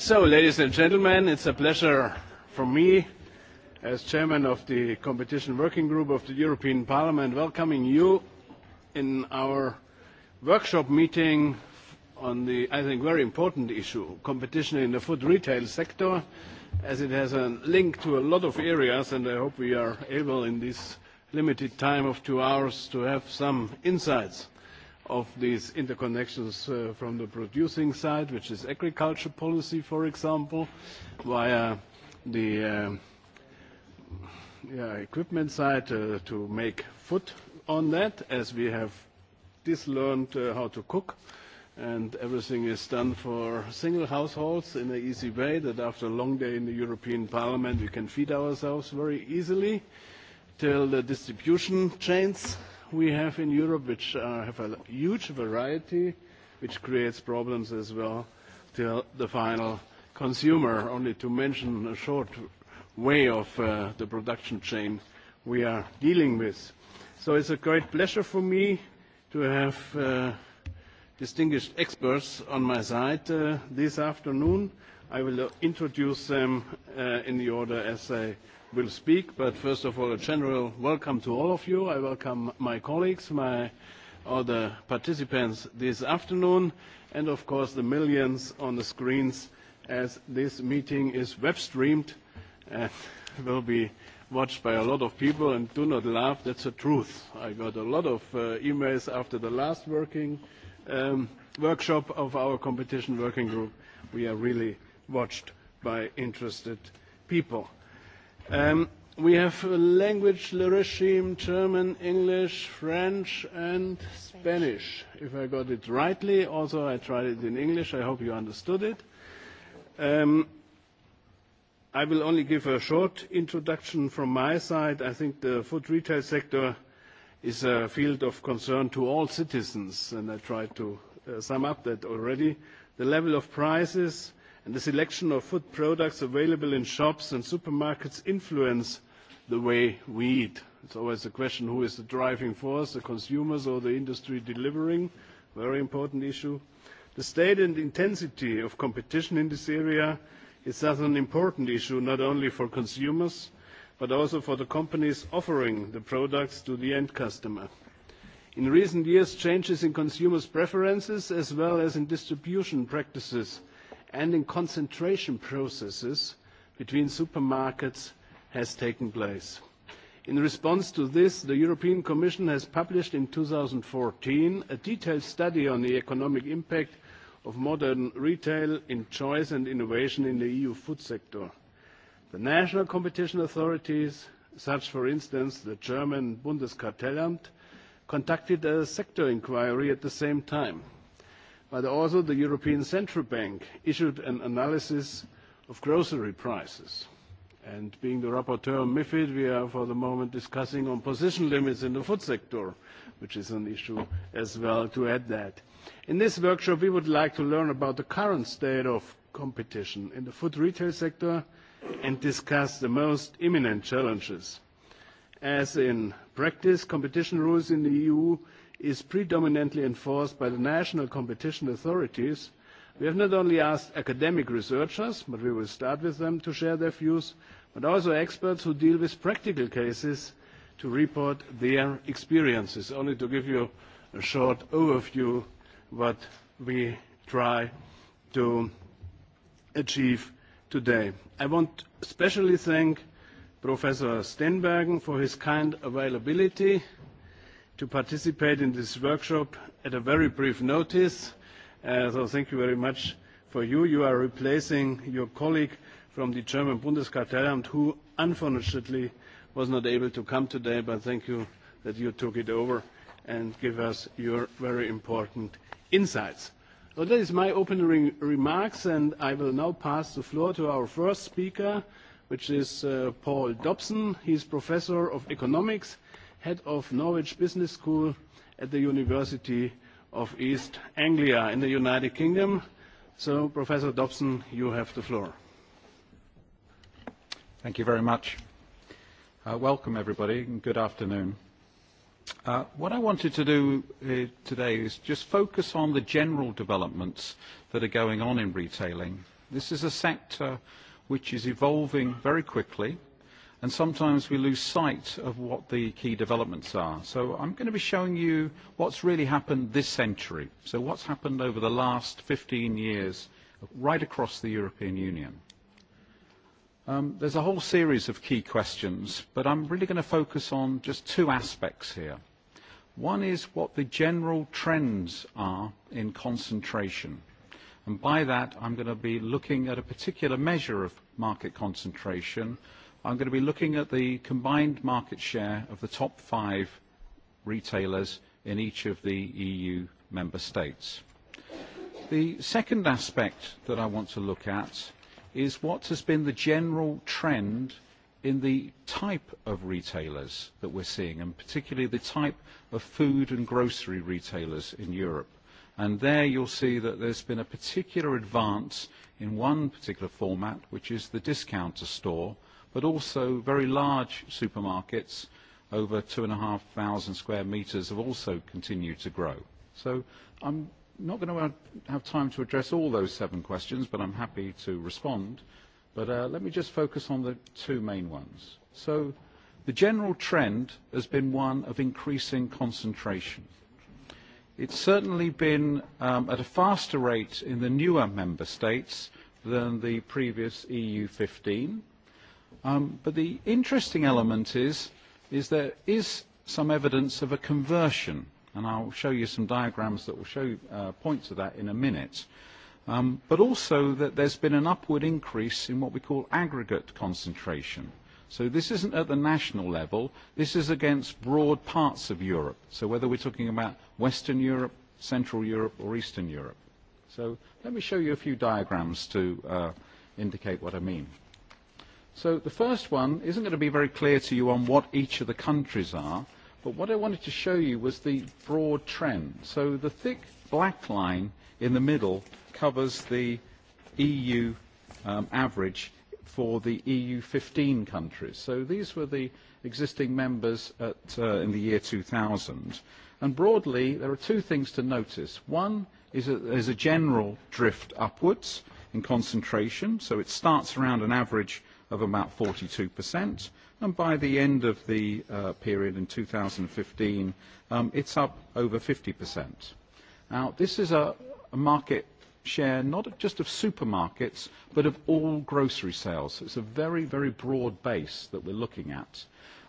So, ladies and gentlemen, it's a pleasure for me, as chairman of the Competition Working Group of the European Parliament, welcoming you in our workshop meeting on the, I think, very important issue, competition in the food retail sector, as it has a link to a lot of areas, and I hope we are able, in this limited time of two hours, to have some insights of these interconnections uh, from the producing side, which is agriculture policy, for example, via the um, equipment side uh, to make food on that, as we have just learned uh, how to cook, and everything is done for single households in an easy way, that after a long day in the European Parliament, we can feed ourselves very easily, till the distribution chains we have in Europe, which uh, have a huge variety, which creates problems as well to the final consumer. Only to mention a short way of uh, the production chain we are dealing with. So it's a great pleasure for me to have uh, distinguished experts on my side uh, this afternoon. I will introduce them uh, in the order as I will speak, but first of all, a general welcome to all of you. I welcome my colleagues, my all the participants this afternoon, and of course, the millions on the screens as this meeting is web streamed and will be watched by a lot of people. And Do not laugh, that's the truth. I got a lot of uh, emails after the last working um, workshop of our competition working group. We are really watched by interested people. Um, we have a language regime, German, English, French, and Spanish. If I got it rightly, also I tried it in English. I hope you understood it. Um, I will only give a short introduction from my side. I think the food retail sector is a field of concern to all citizens, and I tried to uh, sum up that already. The level of prices and the selection of food products available in shops and supermarkets influence the way we eat. It's always a question, who is the driving force, the consumers or the industry delivering? Very important issue. The state and intensity of competition in this area is thus an important issue, not only for consumers, but also for the companies offering the products to the end customer. In recent years, changes in consumers' preferences as well as in distribution practices and in concentration processes between supermarkets has taken place. In response to this, the European Commission has published in fourteen a detailed study on the economic impact of modern retail in choice and innovation in the EU food sector. The national competition authorities, such for instance the German Bundeskartellamt, conducted a sector inquiry at the same time but also the European Central Bank issued an analysis of grocery prices. And being the rapporteur on MiFID, we are for the moment discussing on position limits in the food sector, which is an issue as well to add that. In this workshop, we would like to learn about the current state of competition in the food retail sector and discuss the most imminent challenges. As in practice, competition rules in the EU is predominantly enforced by the national competition authorities, we have not only asked academic researchers, but we will start with them to share their views, but also experts who deal with practical cases to report their experiences. Only to give you a short overview what we try to achieve today. I want especially thank Professor Stenbergen for his kind availability to participate in this workshop at a very brief notice. Uh, so thank you very much for you. You are replacing your colleague from the German Bundeskartellamt, who unfortunately was not able to come today, but thank you that you took it over and give us your very important insights. So that is my opening remarks, and I will now pass the floor to our first speaker, which is uh, Paul Dobson. He's professor of economics head of Norwich Business School at the University of East Anglia in the United Kingdom. So, Professor Dobson, you have the floor. Thank you very much. Uh, welcome, everybody, and good afternoon. Uh, what I wanted to do uh, today is just focus on the general developments that are going on in retailing. This is a sector which is evolving very quickly, and sometimes we lose sight of what the key developments are. So I'm going to be showing you what's really happened this century. So what's happened over the last 15 years right across the European Union. Um, there's a whole series of key questions, but I'm really going to focus on just two aspects here. One is what the general trends are in concentration. And by that, I'm going to be looking at a particular measure of market concentration, I'm going to be looking at the combined market share of the top five retailers in each of the EU member states. The second aspect that I want to look at is what has been the general trend in the type of retailers that we're seeing, and particularly the type of food and grocery retailers in Europe. And there you'll see that there's been a particular advance in one particular format, which is the discounter store, but also very large supermarkets over two and a half thousand square metres have also continued to grow. So I'm not going to have time to address all those seven questions, but I'm happy to respond. But uh, let me just focus on the two main ones. So the general trend has been one of increasing concentration. It's certainly been um, at a faster rate in the newer member states than the previous EU 15 Um, but the interesting element is, is there is some evidence of a conversion, and I'll show you some diagrams that will show uh, point to that in a minute. Um, but also that there's been an upward increase in what we call aggregate concentration. So this isn't at the national level. This is against broad parts of Europe. So whether we're talking about Western Europe, Central Europe, or Eastern Europe. So let me show you a few diagrams to uh, indicate what I mean. So the first one isn't going to be very clear to you on what each of the countries are, but what I wanted to show you was the broad trend. So the thick black line in the middle covers the EU um, average for the EU 15 countries. So these were the existing members at, uh, in the year 2000. And broadly, there are two things to notice. One is that there's a general drift upwards in concentration, so it starts around an average of about 42%, and by the end of the uh, period in 2015, um, it's up over 50%. Now, this is a, a market share not just of supermarkets, but of all grocery sales. It's a very, very broad base that we're looking at.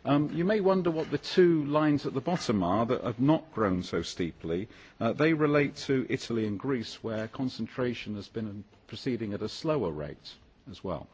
Um, you may wonder what the two lines at the bottom are that have not grown so steeply. Uh, they relate to Italy and Greece, where concentration has been proceeding at a slower rate as well.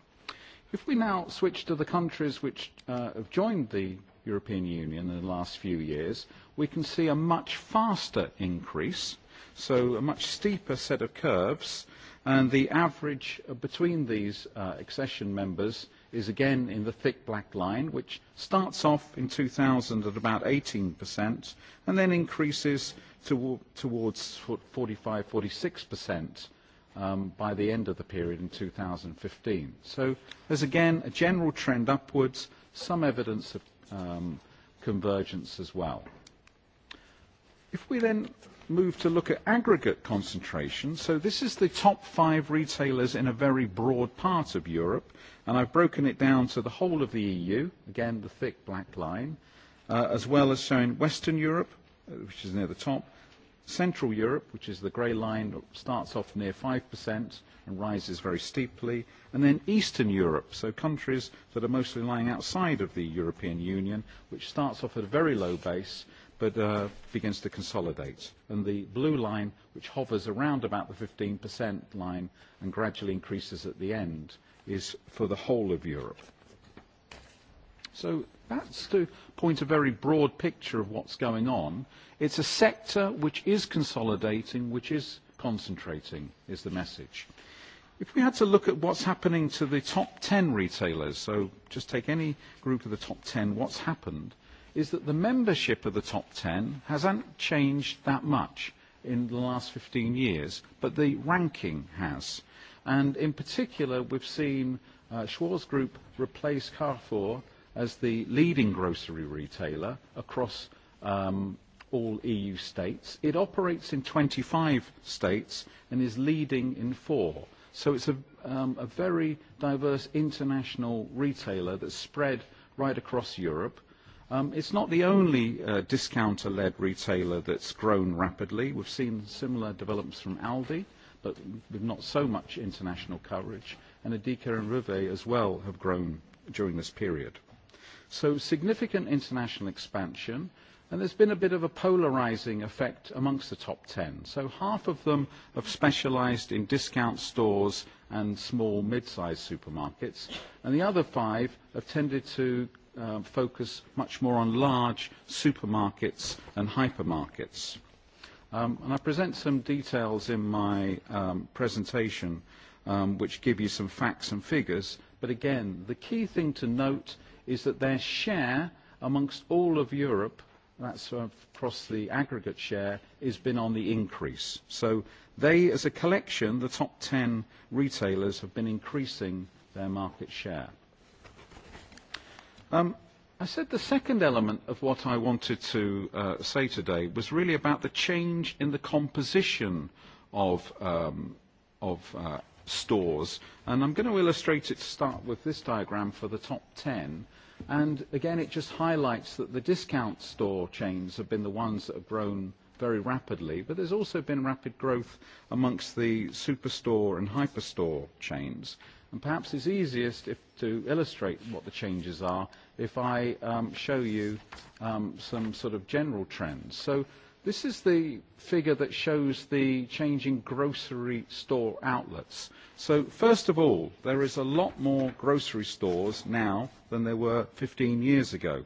If we now switch to the countries which uh, have joined the European Union in the last few years, we can see a much faster increase, so a much steeper set of curves, and the average between these uh, accession members is again in the thick black line, which starts off in 2000 at about 18% and then increases to, towards 45-46% um, by the end of the period in 2015. So there's again a general trend upwards, some evidence of um, convergence as well. If we then move to look at aggregate concentration, so this is the top five retailers in a very broad part of Europe, and I've broken it down to the whole of the EU, again the thick black line, uh, as well as showing Western Europe, uh, which is near the top, Central Europe, which is the grey line, starts off near 5% and rises very steeply, and then Eastern Europe, so countries that are mostly lying outside of the European Union, which starts off at a very low base but uh, begins to consolidate. And the blue line, which hovers around about the 15% line and gradually increases at the end, is for the whole of Europe. So that's to point a very broad picture of what's going on. It's a sector which is consolidating, which is concentrating, is the message. If we had to look at what's happening to the top 10 retailers, so just take any group of the top 10, what's happened is that the membership of the top 10 hasn't changed that much in the last 15 years, but the ranking has. And in particular, we've seen uh, Schwarz Group replace Carrefour as the leading grocery retailer across um, all EU states. It operates in twenty five states and is leading in four. So it's a, um, a very diverse international retailer that's spread right across Europe. Um, it's not the only uh, discounter-led retailer that's grown rapidly. We've seen similar developments from Aldi, but with not so much international coverage. And Adika and Rive as well have grown during this period. So significant international expansion. And there's been a bit of a polarizing effect amongst the top 10. So half of them have specialized in discount stores and small mid-sized supermarkets, and the other five have tended to um, focus much more on large supermarkets and hypermarkets. Um, and I present some details in my um, presentation um, which give you some facts and figures. But again, the key thing to note is that their share amongst all of Europe that's uh, across the aggregate share, has been on the increase. So they, as a collection, the top 10 retailers, have been increasing their market share. Um, I said the second element of what I wanted to uh, say today was really about the change in the composition of, um, of uh, stores. And I'm going to illustrate it to start with this diagram for the top 10 And again, it just highlights that the discount store chains have been the ones that have grown very rapidly, but there's also been rapid growth amongst the superstore and hyperstore chains. perhaps it's easiest to illustrate what the changes are if I um, show you um, some sort of general trends. So This is the figure that shows the change in grocery store outlets. So first of all, there is a lot more grocery stores now than there were 15 years ago.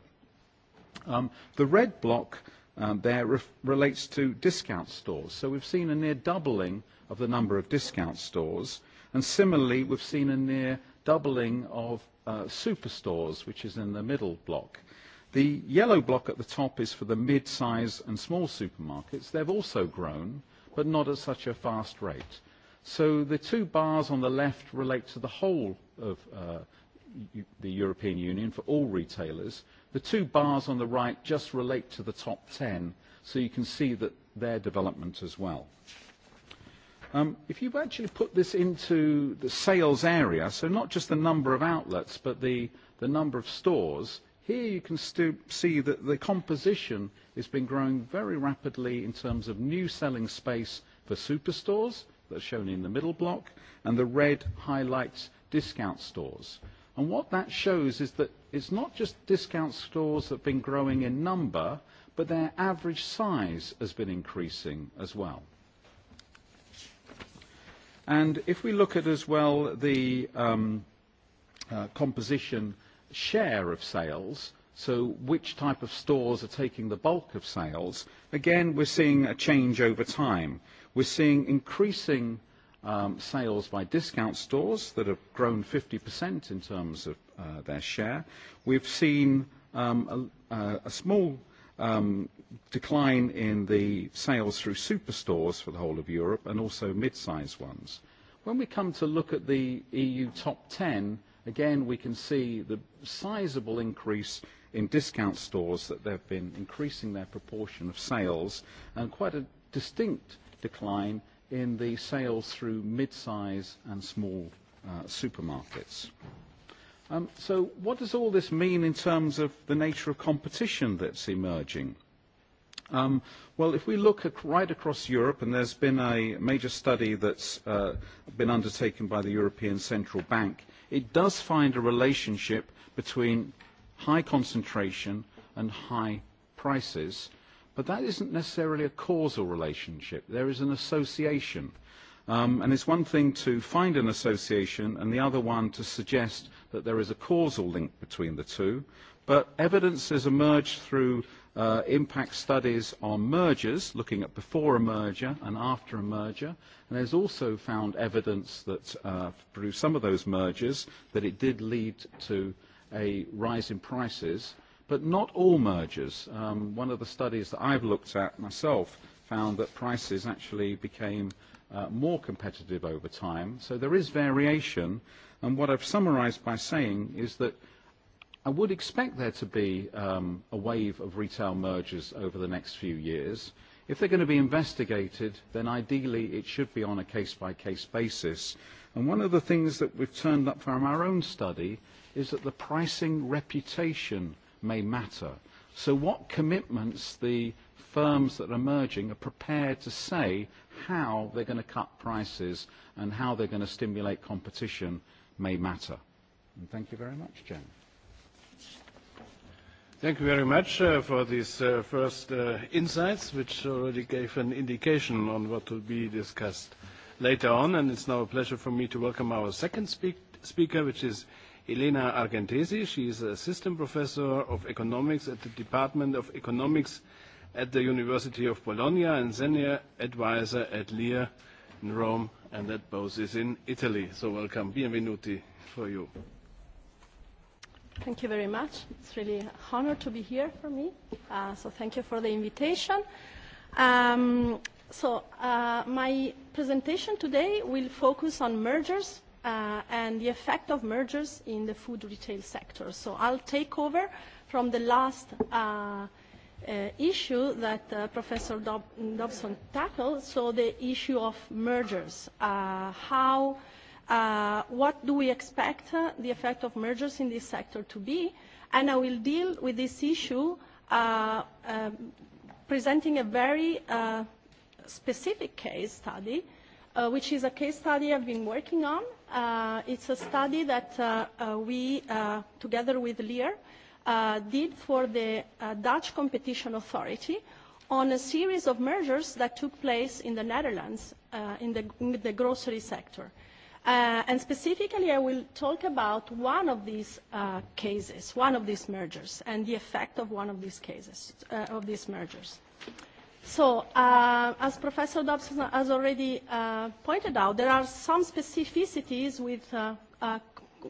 Um, the red block um, there re relates to discount stores. So we've seen a near doubling of the number of discount stores. And similarly, we've seen a near doubling of uh, superstores, which is in the middle block. The yellow block at the top is for the mid-size and small supermarkets. They've also grown, but not at such a fast rate. So the two bars on the left relate to the whole of uh, the European Union for all retailers. The two bars on the right just relate to the top 10, so you can see that their development as well. Um, if you actually put this into the sales area, so not just the number of outlets, but the, the number of stores, Here you can still see that the composition has been growing very rapidly in terms of new selling space for superstores, that's shown in the middle block, and the red highlights discount stores. And What that shows is that it's not just discount stores that have been growing in number, but their average size has been increasing as well. And If we look at as well the um, uh, composition share of sales, so which type of stores are taking the bulk of sales, again, we're seeing a change over time. We're seeing increasing um, sales by discount stores that have grown 50% in terms of uh, their share. We've seen um, a, uh, a small um, decline in the sales through superstores for the whole of Europe and also mid-sized ones. When we come to look at the EU top 10, again, we can see the sizable increase in discount stores that they've been increasing their proportion of sales and quite a distinct decline in the sales through mid-size and small uh, supermarkets. Um, so what does all this mean in terms of the nature of competition that's emerging? Um, well, if we look right across Europe, and there's been a major study that's uh, been undertaken by the European Central Bank it does find a relationship between high concentration and high prices, but that isn't necessarily a causal relationship. There is an association. Um, and it's one thing to find an association and the other one to suggest that there is a causal link between the two. But evidence has emerged through uh, impact studies on mergers, looking at before a merger and after a merger, and there's also found evidence that uh, through some of those mergers that it did lead to a rise in prices, but not all mergers. Um, one of the studies that I've looked at myself found that prices actually became uh, more competitive over time, so there is variation, and what I've summarized by saying is that i would expect there to be um, a wave of retail mergers over the next few years. If they're going to be investigated, then ideally it should be on a case-by-case basis. And one of the things that we've turned up from our own study is that the pricing reputation may matter. So what commitments the firms that are merging are prepared to say how they're going to cut prices and how they're going to stimulate competition may matter. thank you very much, Jen. Thank you very much uh, for these uh, first uh, insights, which already gave an indication on what will be discussed later on. And It's now a pleasure for me to welcome our second speak speaker, which is Elena Argentesi. She is an assistant professor of economics at the Department of Economics at the University of Bologna and senior advisor at LIA in Rome, and that both is in Italy. So Welcome. bienvenuti for you. Thank you very much. It's really an honor to be here for me. Uh, so thank you for the invitation. Um, so uh, my presentation today will focus on mergers uh, and the effect of mergers in the food retail sector. So I'll take over from the last uh, uh, issue that uh, Professor Dob Dobson tackled, so the issue of mergers, uh, how Uh, what do we expect uh, the effect of mergers in this sector to be? And I will deal with this issue uh, um, presenting a very uh, specific case study, uh, which is a case study I've been working on. Uh, it's a study that uh, we, uh, together with Lear, uh, did for the Dutch Competition Authority on a series of mergers that took place in the Netherlands in, the, in the grocery sector. Uh, and specifically, I will talk about one of these uh, cases, one of these mergers, and the effect of one of these cases, uh, of these mergers. So, uh, as Professor Dobson has already uh, pointed out, there are some specificities with, uh, uh,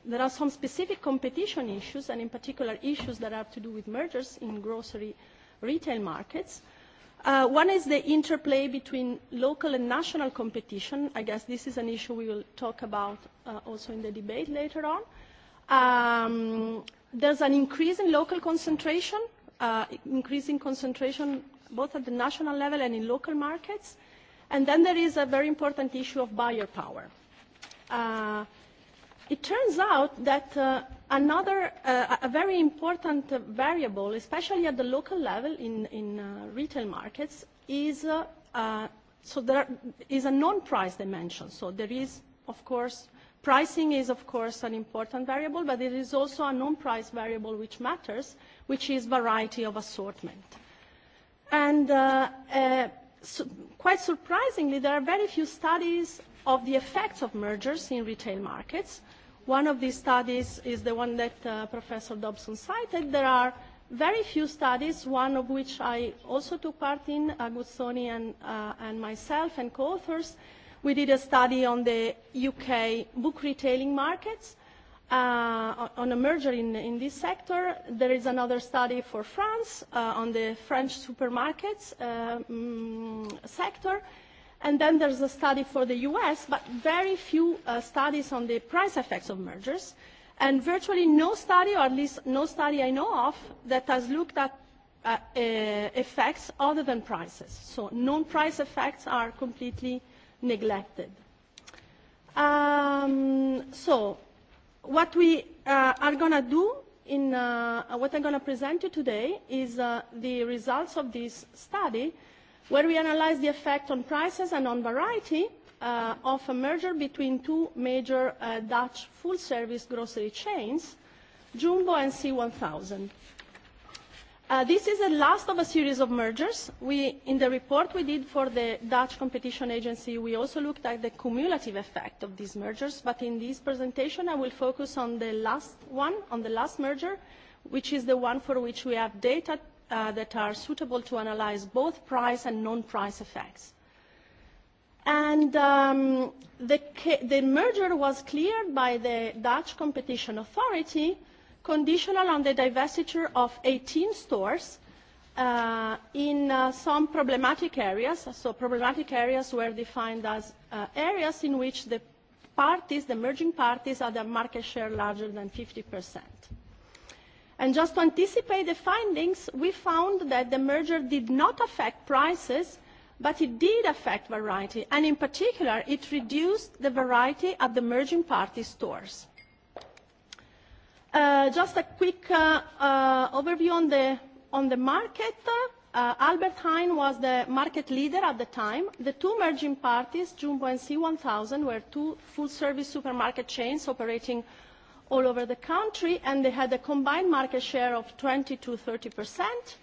there are some specific competition issues, and in particular issues that have to do with mergers in grocery retail markets. Uh, one is the interplay between local and national competition. I guess this is an issue we will talk about uh, also in the debate later on. Um, there's an increase in local concentration, uh, increasing concentration both at the national level and in local markets. And then there is a very important issue of buyer power. Uh, it turns out that uh, another, uh, a very important variable, especially at the local level in, in uh, retail markets, is, uh, uh, so there is a non-price dimension. So there is, of course, pricing is, of course, an important variable, but there is also a non-price variable which matters, which is variety of assortment. And uh, uh, so quite surprisingly, there are very few studies of the effects of mergers in retail markets. One of these studies is the one that uh, Professor Dobson cited. There are very few studies, one of which I also took part in, Agustoni and, uh, and myself and co-authors. We did a study on the UK book retailing markets, uh, on a merger in, in this sector. There is another study for France uh, on the French supermarkets uh, mm, sector. And then there's a study for the US, but very few uh, studies on the price effects of mergers, and virtually no study, or at least no study I know of, that has looked at uh, uh, effects other than prices. So non-price effects are completely neglected. Um, so what we uh, are going to do in uh, what I'm going to present you today is uh, the results of this study where we analyze the effect on prices and on variety uh, of a merger between two major uh, Dutch full-service grocery chains, Jumbo and C1000. Uh, this is the last of a series of mergers. We, in the report we did for the Dutch Competition Agency, we also looked at the cumulative effect of these mergers, but in this presentation I will focus on the last one, on the last merger, which is the one for which we have data Uh, that are suitable to analyze both price and non-price effects. And um, the, the merger was cleared by the Dutch Competition Authority conditional on the divestiture of 18 stores uh, in uh, some problematic areas. So problematic areas were defined as uh, areas in which the parties, the merging parties, had a market share larger than 50 percent. And just to anticipate the findings, we found that the merger did not affect prices, but it did affect variety, and in particular, it reduced the variety at the merging party stores. Uh, just a quick uh, uh, overview on the, on the market. Uh, Albert Heijn was the market leader at the time. The two merging parties, Jumbo and C1000, were two full-service supermarket chains operating all over the country, and they had a combined market share of 20 to 30 percent.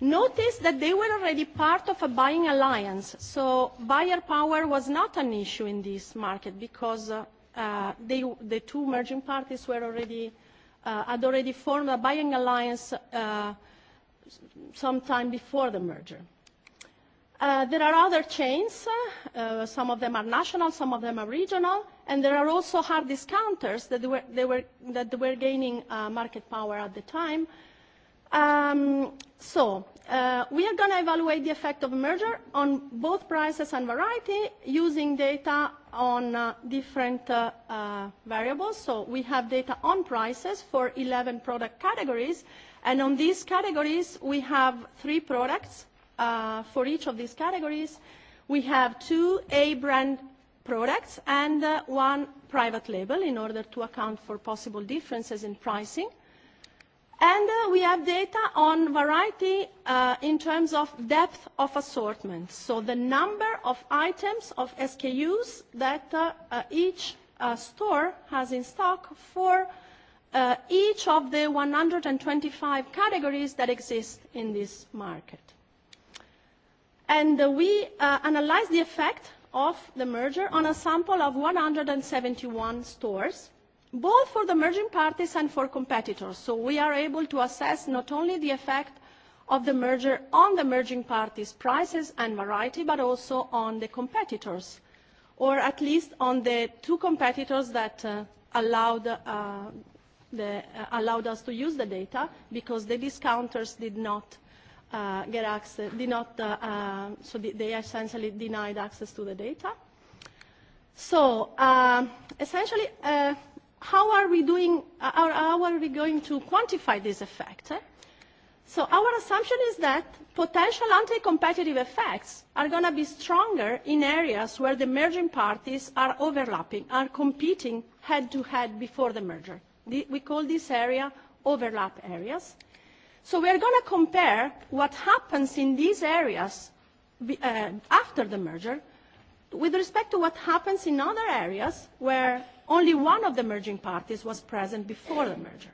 Notice that they were already part of a buying alliance, so buyer power was not an issue in this market because uh, uh they, the two merging parties were already, uh, had already formed a buying alliance uh, sometime before the merger. Uh, there are other chains, uh, uh, some of them are national, some of them are regional, and there are also hard discounters that were, they were, that were gaining uh, market power at the time. Um, so uh, we are going to evaluate the effect of a merger on both prices and variety using data on uh, different uh, uh, variables. So we have data on prices for 11 product categories, and on these categories we have three products uh, for each of these categories, we have two A-brand products and uh, one private label in order to account for possible differences in pricing. And uh, we have data on variety uh, in terms of depth of assortment, so the number of items of SKUs that each store has in stock for each of the 125 categories that exist in this market and uh, we uh, analyzed the effect of the merger on a sample of 171 stores, both for the merging parties and for competitors. So we are able to assess not only the effect of the merger on the merging parties' prices and variety, but also on the competitors, or at least on the two competitors that uh, allowed, uh, the, uh, allowed us to use the data because the discounters did not uh, get access, did not, uh, uh, so they essentially denied access to the data. So uh, essentially, uh, how are we doing, uh, how are we going to quantify this effect? Eh? So our assumption is that potential anti-competitive effects are going to be stronger in areas where the merging parties are overlapping, are competing head-to-head -head before the merger. The, we call this area overlap areas. So we are going to compare what happens in these areas uh, after the merger with respect to what happens in other areas where only one of the merging parties was present before the merger.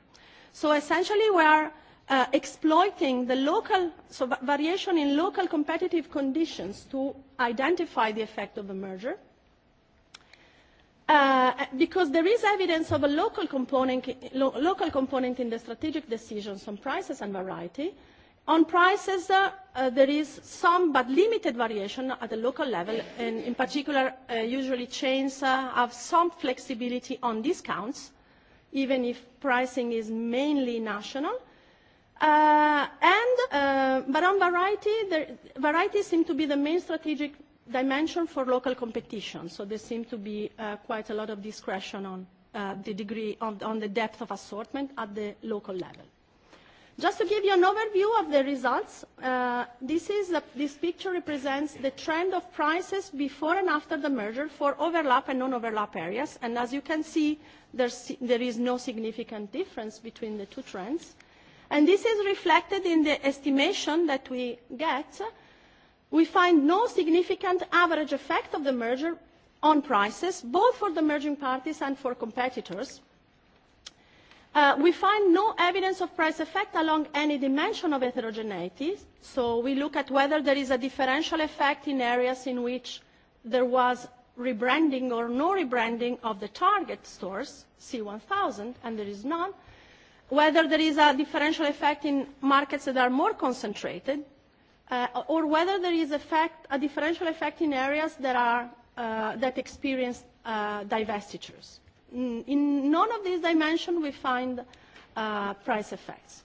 So essentially we are uh, exploiting the local so variation in local competitive conditions to identify the effect of the merger – uh, because there is evidence of a local component, lo local component in the strategic decisions on prices and variety. On prices, uh, uh, there is some but limited variation at the local level, and in particular, uh, usually chains uh, have some flexibility on discounts, even if pricing is mainly national. Uh, and, uh, but on variety, there, variety seem to be the main strategic dimension for local competition. So there seem to be uh, quite a lot of discretion on uh, the degree, on, on the depth of assortment at the local level. Just to give you an overview of the results, uh, this, is a, this picture represents the trend of prices before and after the merger for overlap and non-overlap areas. And as you can see, there is no significant difference between the two trends. And this is reflected in the estimation that we get uh, we find no significant average effect of the merger on prices, both for the merging parties and for competitors. Uh, we find no evidence of price effect along any dimension of heterogeneity, so we look at whether there is a differential effect in areas in which there was rebranding or no rebranding of the target stores, C1000, and there is none, whether there is a differential effect in markets that are more concentrated, uh, or whether there is effect, a differential effect in areas that, are, uh, that experience uh, divestitures. Mm, in none of these dimensions we find uh, price effects.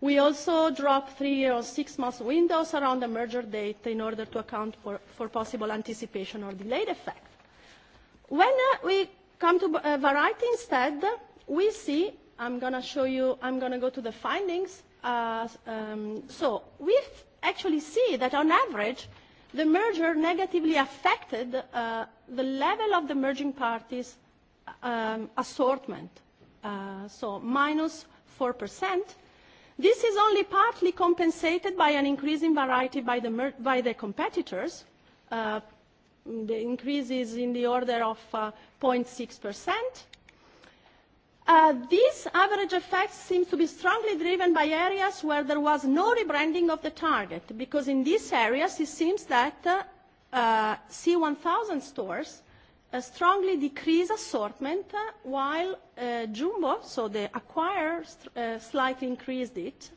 We also drop three or six months windows around the merger date in order to account for, for possible anticipation or delayed effect. When uh, we come to uh, variety instead, we see, I'm going to show you, I'm going to go to the findings. Uh, um, so we actually see that on average, the merger negatively affected uh, the level of the merging parties um, assortment, uh, so minus 4%. This is only partly compensated by an increase in variety by the, mer by the competitors. Uh, the increase is in the order of uh, 0.6%. Uh, this average effect seems to be strongly driven by areas where there was no rebranding of the target, because in these areas it seems that uh, uh, C1000 stores uh, strongly decrease assortment, uh, while uh, Jumbo, so the acquirer, uh, slightly increased it.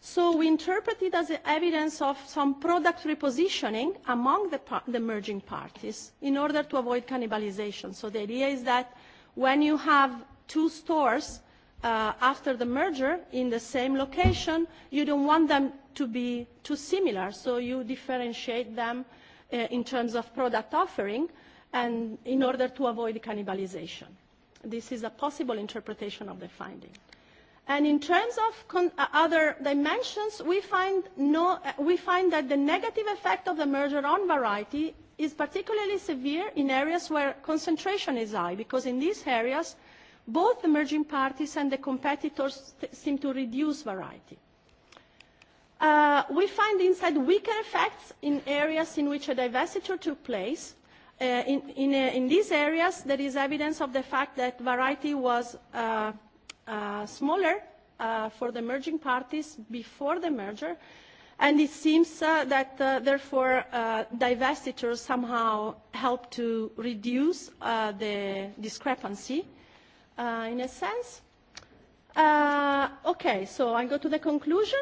So we interpret it as evidence of some product repositioning among the, par- the merging parties in order to avoid cannibalization. So the idea is that when you have two stores uh, after the merger in the same location, you don't want them to be too similar, so you differentiate them uh, in terms of product offering and in order to avoid cannibalization. This is a possible interpretation of the finding. And in terms of con uh, other dimensions, we find, no, uh, we find that the negative effect of the merger on variety is particularly severe in areas where concentration is high, because in these areas, both emerging parties and the competitors seem to reduce variety. Uh, we find inside weaker effects in areas in which a divestiture took place. Uh, in, in, uh, in these areas, there is evidence of the fact that variety was uh, uh, smaller uh, for the merging parties before the merger, and it seems uh, that, uh, therefore, uh, divestitures somehow help to reduce uh, the discrepancy uh, in a sense. Uh, okay, so I go to the conclusion.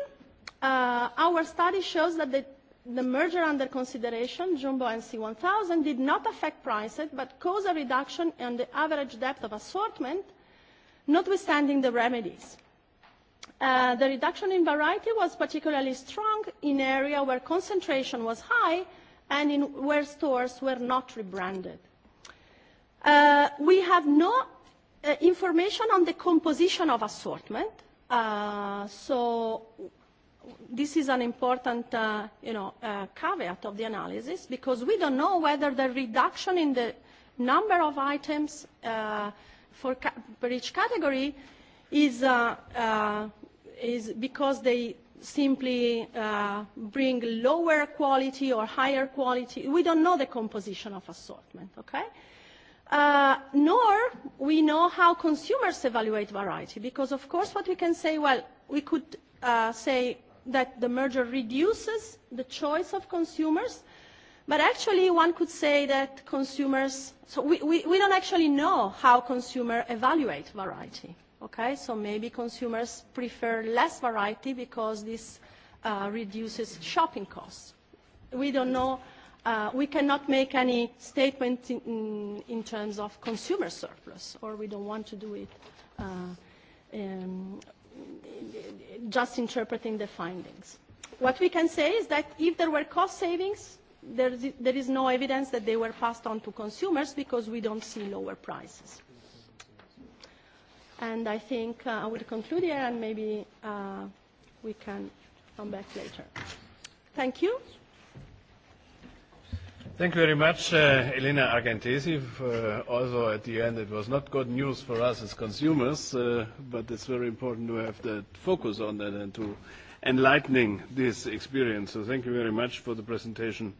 Uh, our study shows that the, the merger under consideration, Jumbo and C1000, did not affect prices but caused a reduction in the average depth of assortment, notwithstanding the remedies. Uh, the reduction in variety was particularly strong in area where concentration was high and in where stores were not rebranded. Uh, we have no uh, information on the composition of assortment. Uh, so this is an important uh, you know, uh, caveat of the analysis because we don't know whether the reduction in the number of items uh, for, ca for each category is, uh, uh, is because they simply uh, bring lower quality or higher quality. We don't know the composition of assortment, okay? Uh, Uh, nor we know how consumers evaluate variety, because of course what we can say, well, we could uh, say that the merger reduces the choice of consumers, but actually one could say that consumers, so we, we, we don't actually know how consumers evaluate variety. Okay, so maybe consumers prefer less variety because this uh, reduces shopping costs. We don't know Uh, we cannot make any statement in, mm, in terms of consumer surplus, or we don't want to do it uh, um, just interpreting the findings. What we can say is that if there were cost savings, there is, there is no evidence that they were passed on to consumers because we don't see lower prices. And I think uh, I will conclude here and maybe uh, we can come back later. Thank you. Thank you very much, uh, Elena Argentesi. Uh, also, at the end, it was not good news for us as consumers, uh, but it's very important to have the focus on that and to enlightening this experience. So thank you very much for the presentation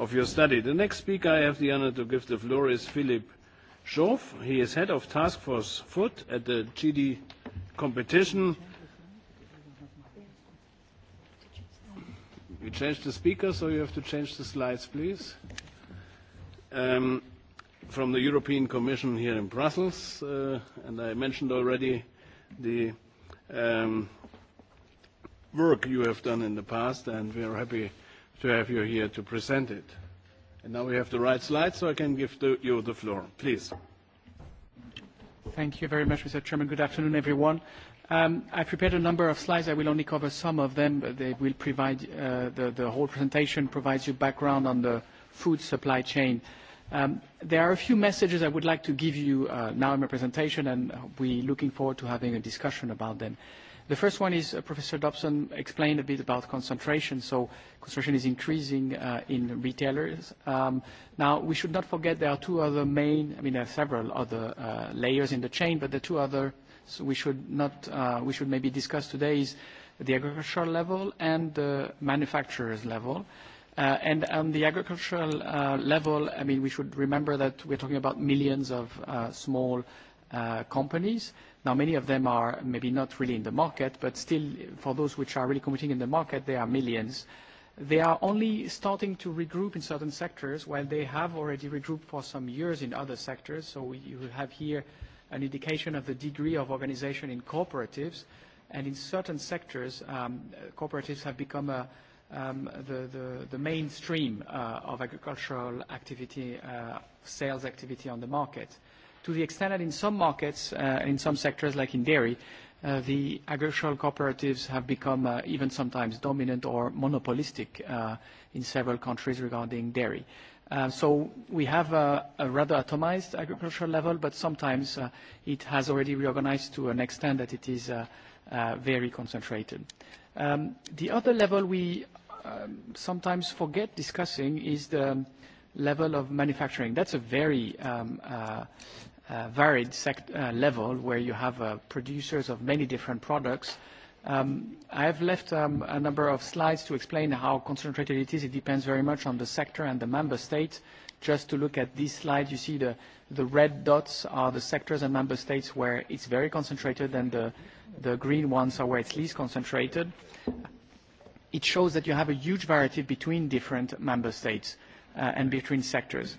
of your study. The next speaker I have the honor to give the floor is Philip Schoff. He is head of Task Force Food at the GD Competition. Okay We changed the speaker, so you have to change the slides, please. Um, from the European Commission here in Brussels, uh, and I mentioned already the um, work you have done in the past, and we are happy to have you here to present it. And now we have the right slide, so I can give the, you the floor. Please. Thank you very much, Mr. Chairman. Good afternoon, everyone. Um, I prepared a number of slides. I will only cover some of them. But they will provide uh, the, the whole presentation provides you background on the food supply chain. Um, there are a few messages I would like to give you uh, now in my presentation, and we're looking forward to having a discussion about them. The first one is uh, Professor Dobson explained a bit about concentration. So concentration is increasing uh, in retailers. Um, now, we should not forget there are two other main, I mean, there are several other uh, layers in the chain, but the two other so we should not uh, we should maybe discuss today is the agricultural level and the manufacturers level. Uh, and on the agricultural uh, level, I mean, we should remember that we're talking about millions of uh, small uh, companies. Now, many of them are maybe not really in the market, but still, for those which are really competing in the market, they are millions. They are only starting to regroup in certain sectors, while they have already regrouped for some years in other sectors. So we, you have here an indication of the degree of organization in cooperatives. And in certain sectors, um, cooperatives have become a, uh, um, the, the, the mainstream uh, of agricultural activity, uh, sales activity on the market. To the extent that in some markets, uh, in some sectors, like in dairy, uh, the agricultural cooperatives have become uh, even sometimes dominant or monopolistic uh, in several countries regarding dairy. Uh, Um, so we have a, a rather atomized agricultural level, but sometimes uh, it has already reorganized to an extent that it is uh, uh, very concentrated. Um, the other level we um, sometimes forget discussing is the level of manufacturing. That's a very um, uh, uh, varied uh, level where you have uh, producers of many different products Um, I have left um, a number of slides to explain how concentrated it is. It depends very much on the sector and the member state. Just to look at this slide, you see the, the red dots are the sectors and member states where it's very concentrated, and the, the green ones are where it's least concentrated. It shows that you have a huge variety between different member states uh, and between sectors.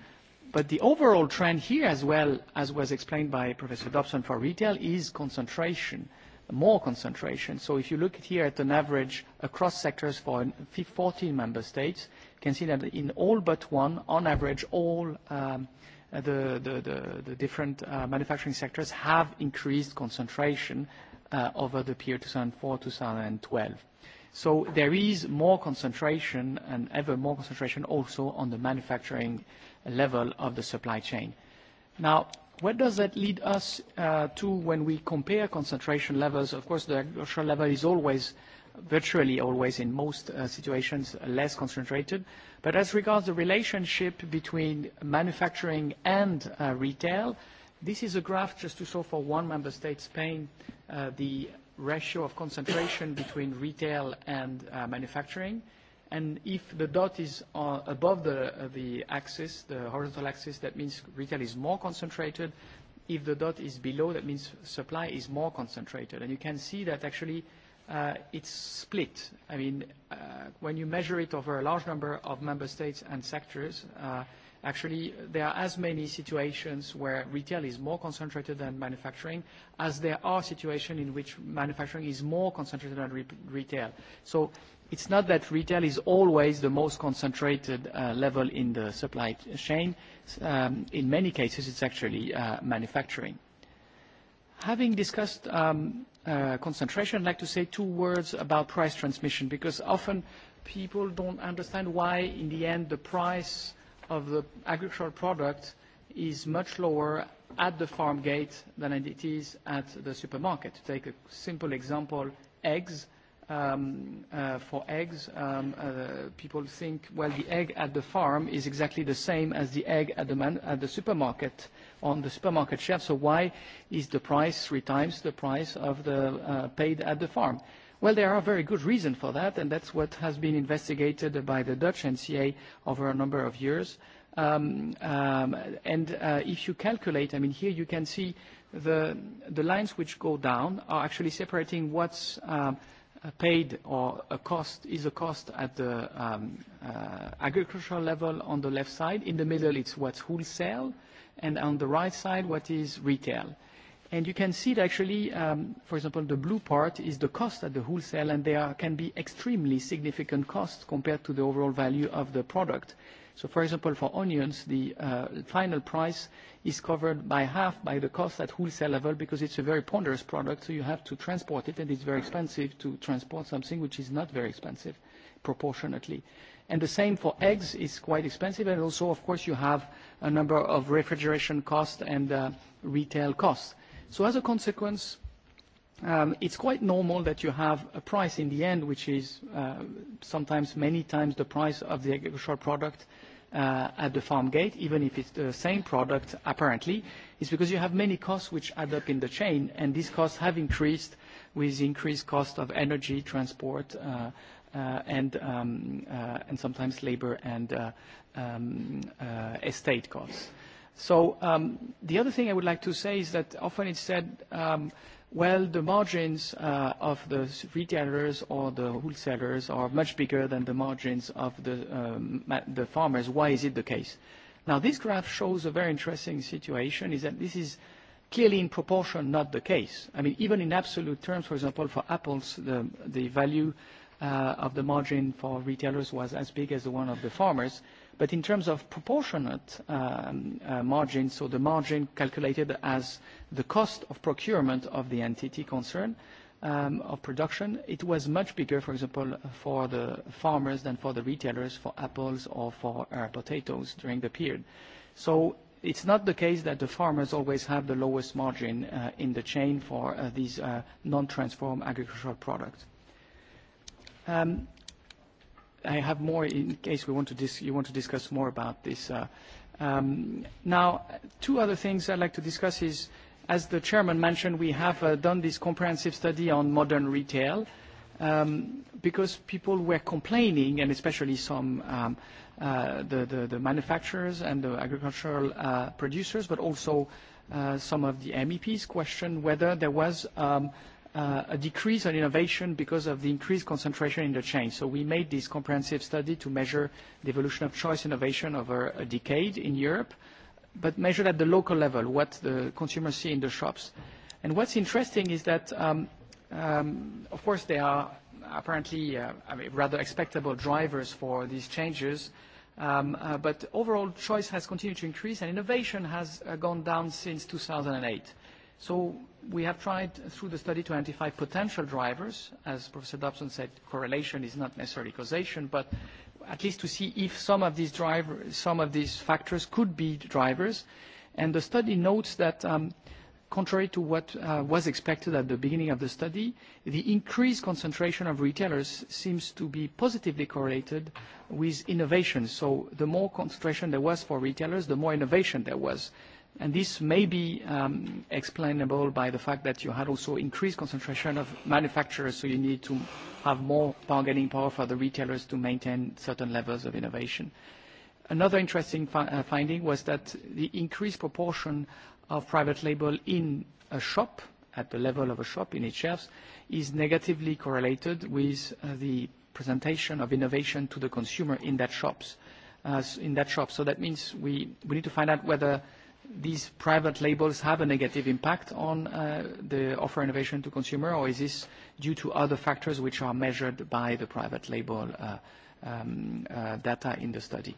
But the overall trend here as well, as was explained by Professor Dobson for retail, is concentration. Uh, more concentration. So if you look here at an average across sectors for 14 member states, you can see that in all but one, on average, all um, the, the, the, the different uh, manufacturing sectors have increased concentration uh, over the period 2004 2012. So there is more concentration and ever more concentration also on the manufacturing level of the supply chain. Now, Where does that lead us uh, to when we compare concentration levels? Of course, the agricultural level is always, virtually always in most uh, situations, uh, less concentrated. But as regards the relationship between manufacturing and uh, retail, this is a graph just to show for one member state, Spain, uh, the ratio of concentration between retail and uh, manufacturing and if the dot is uh, above the, uh, the axis, the horizontal axis, that means retail is more concentrated. If the dot is below, that means supply is more concentrated. And you can see that actually uh, it's split. I mean, uh, when you measure it over a large number of member states and sectors, uh, actually there are as many situations where retail is more concentrated than manufacturing as there are situations in which manufacturing is more concentrated than re retail. So it's not that retail is always the most concentrated uh, level in the supply chain. Um, in many cases, it's actually uh, manufacturing. Having discussed um, uh, concentration, I'd like to say two words about price transmission, because often people don't understand why, in the end, the price of the agricultural product is much lower at the farm gate than it is at the supermarket. To take a simple example, eggs – um, uh, for eggs, um, uh, people think, well, the egg at the farm is exactly the same as the egg at the, man at the supermarket, on the supermarket shelf, so why is the price three times the price of the uh, paid at the farm? Well, there are very good reasons for that, and that's what has been investigated by the Dutch NCA over a number of years. Um, um, and uh, if you calculate, I mean, here you can see the, the lines which go down are actually separating what's um, paid or a cost is a cost at the um, uh, agricultural level on the left side. In the middle, it's what's wholesale, and on the right side, what is retail. And You can see it actually, um, for example, the blue part is the cost at the wholesale, and there can be extremely significant costs compared to the overall value of the product. So for example, for onions, the uh, final price is covered by half by the cost at wholesale level because it's a very ponderous product, so you have to transport it, and it's very expensive to transport something which is not very expensive proportionately. And the same for eggs is quite expensive, and also, of course, you have a number of refrigeration costs and uh, retail costs. So as a consequence, um, it's quite normal that you have a price in the end, which is uh, sometimes many times the price of the agricultural product uh, at the farm gate, even if it's the same product, apparently. It's because you have many costs which add up in the chain, and these costs have increased with increased cost of energy, transport, uh, uh, and, um, uh, and sometimes labor and uh, um, uh, estate costs. So um, the other thing I would like to say is that often it's said um, – Well, the margins uh, of the retailers or the wholesalers are much bigger than the margins of the, um, the farmers. Why is it the case? Now, this graph shows a very interesting situation, is that this is clearly in proportion not the case. I mean, even in absolute terms, for example, for apples, the, the value uh, of the margin for retailers was as big as the one of the farmers. But in terms of proportionate um, uh, margin, so the margin calculated as the cost of procurement of the entity concerned, um, of production, it was much bigger, for example, for the farmers than for the retailers, for apples or for uh, potatoes during the period. So it's not the case that the farmers always have the lowest margin uh, in the chain for uh, these uh, non-transformed agricultural products. Um, i have more in case we want to dis you want to discuss more about this. Uh, um, now, two other things I'd like to discuss is, as the chairman mentioned, we have uh, done this comprehensive study on modern retail um, because people were complaining, and especially some um, uh, the, the, the manufacturers and the agricultural uh, producers, but also uh, some of the MEPs questioned whether there was um, – Uh, a decrease on innovation because of the increased concentration in the chain. So we made this comprehensive study to measure the evolution of choice innovation over a decade in Europe, but measured at the local level, what the consumers see in the shops. And what's interesting is that, um, um, of course, there are apparently uh, I mean, rather expectable drivers for these changes, um, uh, but overall, choice has continued to increase, and innovation has gone down since 2008. So we have tried through the study to identify potential drivers. As Professor Dobson said, correlation is not necessarily causation, but at least to see if some of these drivers, some of these factors could be drivers. And the study notes that um, contrary to what uh, was expected at the beginning of the study, the increased concentration of retailers seems to be positively correlated with innovation. So the more concentration there was for retailers, the more innovation there was And This may be um, explainable by the fact that you had also increased concentration of manufacturers, so you need to have more bargaining power for the retailers to maintain certain levels of innovation. Another interesting fi uh, finding was that the increased proportion of private label in a shop, at the level of a shop in its shelves, is negatively correlated with uh, the presentation of innovation to the consumer in that shops. Uh, in that shop. So That means we we need to find out whether these private labels have a negative impact on uh, the offer innovation to consumer, or is this due to other factors which are measured by the private label uh, um, uh, data in the study?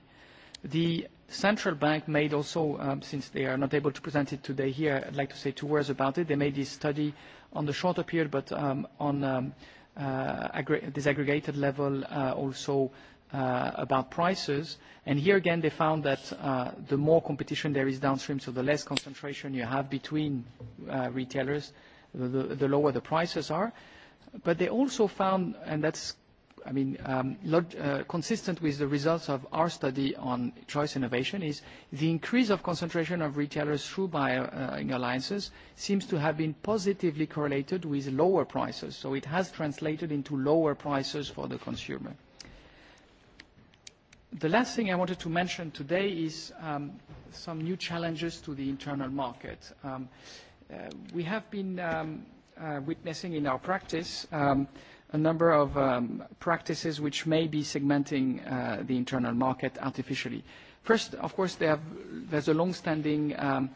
The central bank made also, um, since they are not able to present it today here, I'd like to say two words about it. They made this study on the shorter period, but um, on um, disaggregated level, also Uh, about prices. And here again, they found that uh, the more competition there is downstream, so the less concentration you have between uh, retailers, the, the, the lower the prices are. But they also found, and that's I mean, um, log uh, consistent with the results of our study on choice innovation is the increase of concentration of retailers through buying uh, alliances seems to have been positively correlated with lower prices. So it has translated into lower prices for the consumer the last thing I wanted to mention today is um, some new challenges to the internal market. Um, uh, we have been um, uh, witnessing in our practice um, a number of um, practices which may be segmenting uh, the internal market artificially. First, of course, they have, there's a long-standing um,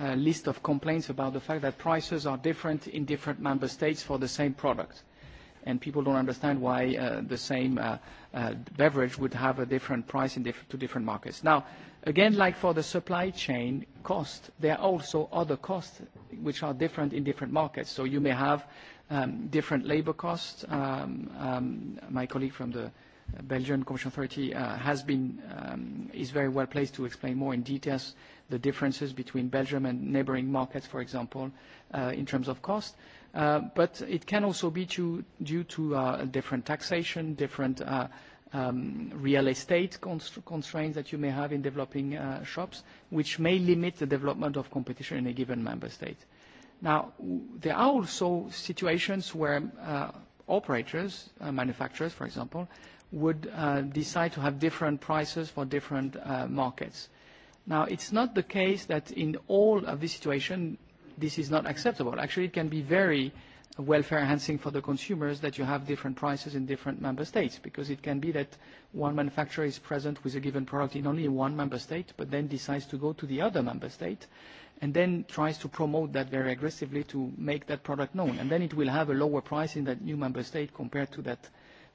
uh, list of complaints about the fact that prices are different in different member states for the same product and people don't understand why uh, the same uh, uh, beverage would have a different price in diff two different markets. Now, again, like for the supply chain cost, there are also other costs which are different in different markets. So you may have um, different labor costs. Um, um, my colleague from the Belgian Commission Authority uh, has been um, is very well placed to explain more in details the differences between Belgium and neighboring markets, for example, uh, in terms of cost. Uh, but it can also be due to uh, different taxation, different uh, um, real estate const constraints that you may have in developing uh, shops, which may limit the development of competition in a given member state. Now, there are also situations where uh, operators, uh, manufacturers, for example, would decide to have different prices for different markets. Now, it's not the case that in all of this situations, this is not acceptable. Actually, it can be very welfare enhancing for the consumers that you have different prices in different member states, because it can be that one manufacturer is present with a given product in only one member state, but then decides to go to the other member state, and then tries to promote that very aggressively to make that product known. And then it will have a lower price in that new member state compared to that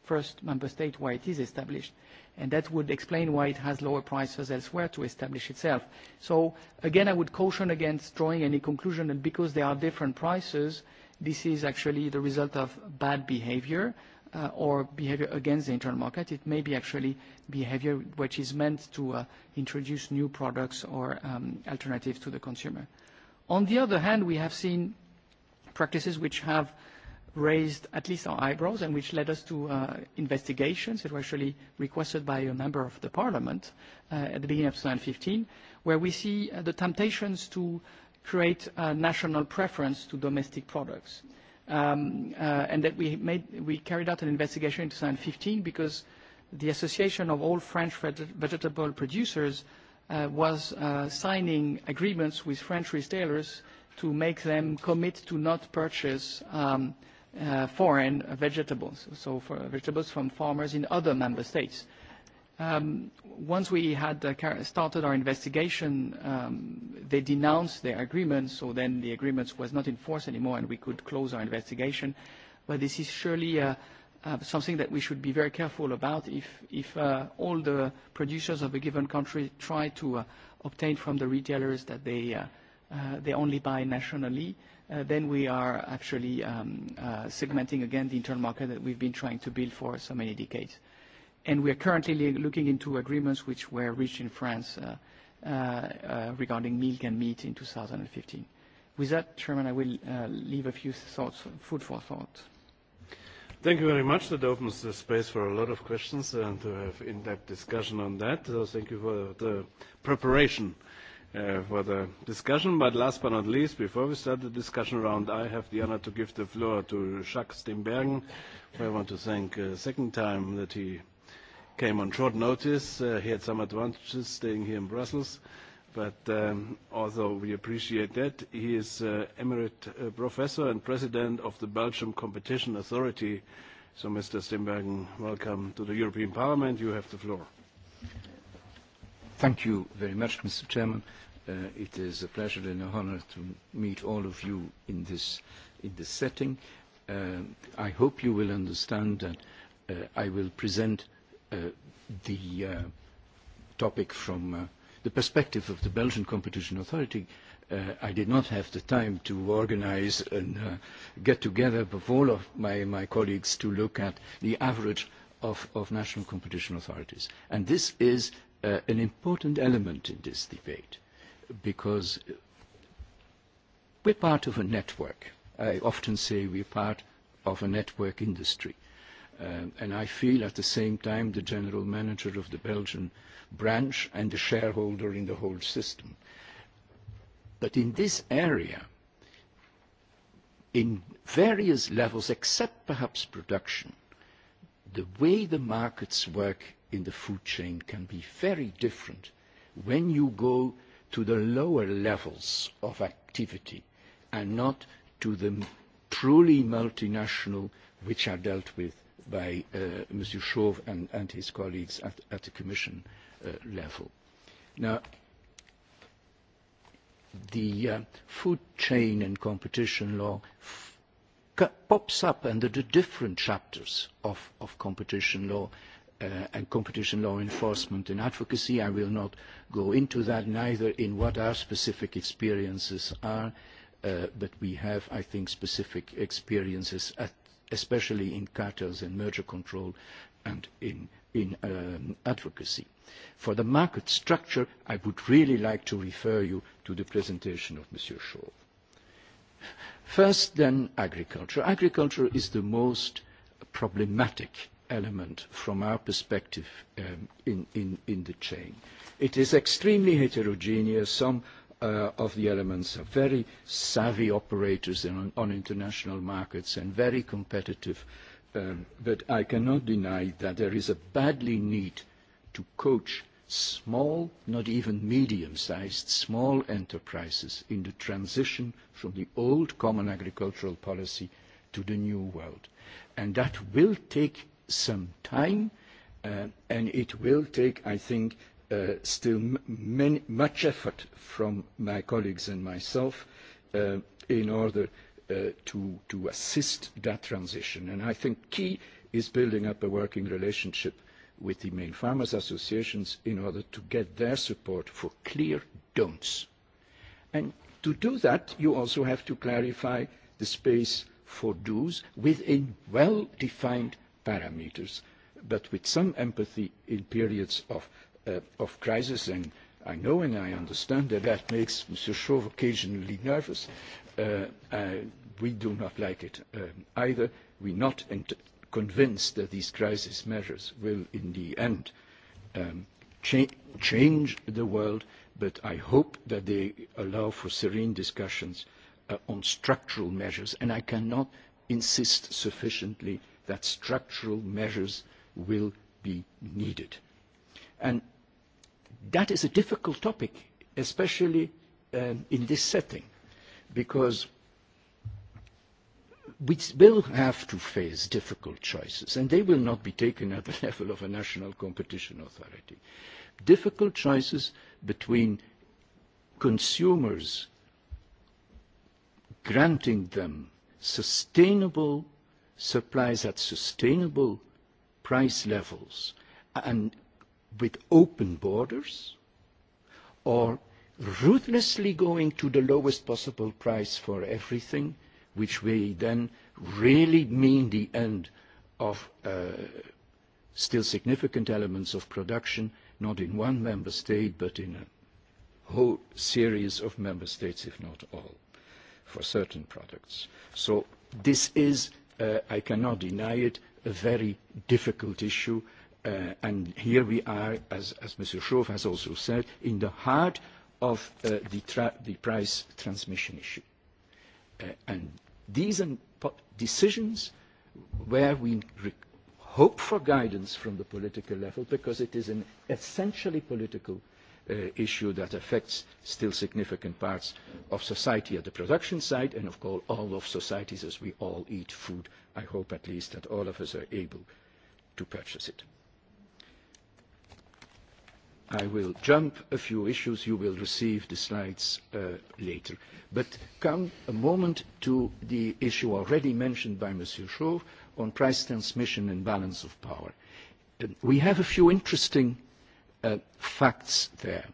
first member state where it is established and that would explain why it has lower prices elsewhere to establish itself. So again, I would caution against drawing any conclusion that because there are different prices, this is actually the result of bad behavior uh, or behavior against the internal market. It may be actually behavior which is meant to uh, introduce new products or um, alternatives to the consumer. On the other hand, we have seen practices which have raised at least our eyebrows and which led us to uh, investigations that were actually requested by a member of the parliament uh, at the beginning of 2015, where we see uh, the temptations to create a national preference to domestic products. Um, uh, and that we, made, we carried out an investigation in 2015 because the Association of all French vegetable producers uh, was uh, signing agreements with French retailers to make them commit to not purchase um, – uh, foreign vegetables, so for vegetables from farmers in other member states. Um, once we had uh, started our investigation, um, they denounced their agreement, so then the agreement was not in force anymore and we could close our investigation. But this is surely uh, uh, something that we should be very careful about if, if uh, all the producers of a given country try to uh, obtain from the retailers that they, uh, uh, they only buy nationally. Uh, Uh, then we are actually um, uh, segmenting again the internal market that we've been trying to build for so many decades. And we are currently looking into agreements which were reached in France uh, uh, uh regarding milk and meat in 2015. With that, Chairman, I will uh leave a few thoughts, food for thought. Thank you very much. That opens the space for a lot of questions and to have in-depth discussion on that. So Thank you for the preparation Uh, for the discussion. But last but not least, before we start the discussion round, I have the honor to give the floor to Jacques Steenbergen, who I want to thank a uh, second time that he came on short notice. Uh, he had some advantages staying here in Brussels, but um, also we appreciate that. He is uh, Emirate uh, professor and president of the Belgium Competition Authority. So, Mr. Steenbergen, welcome to the European Parliament. You have the floor. Thank you very much, Mr. Chairman. Uh, it is a pleasure and an honor to meet all of you in this, in this setting. Uh, I hope you will understand that uh, I will present uh, the uh, topic from uh, the perspective of the Belgian Competition Authority. Uh, I did not have the time to organize and uh, get together with all of my, my colleagues to look at the average of, of national competition authorities. And this is uh, an important element in this debate because we're part of a network. I often say we're part of a network industry. Um, and I feel at the same time the general manager of the Belgian branch and the shareholder in the whole system. But in this area, in various levels, except perhaps production, the way the markets work in the food chain can be very different when you go to the lower levels of activity and not to the truly multinational which are dealt with by uh, Mr. Chauve and, and his colleagues at, at the Commission uh, level. Now, the uh, food chain and competition law pops up under the different chapters of, of competition law uh, and competition law enforcement and advocacy. I will not go into that, neither in what our specific experiences are, uh, but we have, I think, specific experiences, at, especially in cartels and merger control and in, in um, advocacy. For the market structure, I would really like to refer you to the presentation of Mr. Shaw. First, then, agriculture. Agriculture is the most problematic element from our perspective um, in, in, in the chain. It is extremely heterogeneous. Some uh, of the elements are very savvy operators on, on international markets and very competitive. Um, but I cannot deny that there is a badly need to coach small, not even medium-sized, small enterprises in the transition from the old common agricultural policy to the new world. And that will take some time, uh, and it will take, I think, uh, still much effort from my colleagues and myself uh, in order to, assist that transition. I think key is building up a working relationship with the main farmers associations in order to get their support for clear don'ts. to do that, you also have to clarify the space for do's within well-defined parameters, but with some empathy in periods of, uh, of crisis. And I know and I understand that that makes Mr. Chauve occasionally nervous. Uh, uh, we do not like it uh, either. either. We're not convinced that these crisis measures will, in the end, um, cha change the world, but I hope that they allow for serene discussions uh, on structural measures, and I cannot insist sufficiently that structural measures will be needed. And that is a difficult topic, especially um, in this setting, because we will have to face difficult choices, and they will not be taken at the level of a national competition authority. Difficult choices between consumers granting them sustainable supplies at sustainable price levels and with open borders, or ruthlessly going to the lowest possible price for everything, which may then really mean the end of uh, still significant elements of production, not in one member state, but in a whole series of member states, if not all, for certain products. So this is uh, I cannot deny it, a very difficult issue. Uh, and here we are, as, as Mr. Schoof has also said, in the heart of uh, the, tra the price transmission issue. Uh, and these decisions where we hope for guidance from the political level, because it is an essentially political Uh, issue that affects still significant parts of society at the production side and of course all of societies as we all eat food. I hope at least that all of us are able to purchase it. I will jump a few issues. You will receive the slides uh, later. But come a moment to the issue already mentioned by Monsieur Chauve on price transmission and balance of power. Um, we have a few interesting uh, facts there.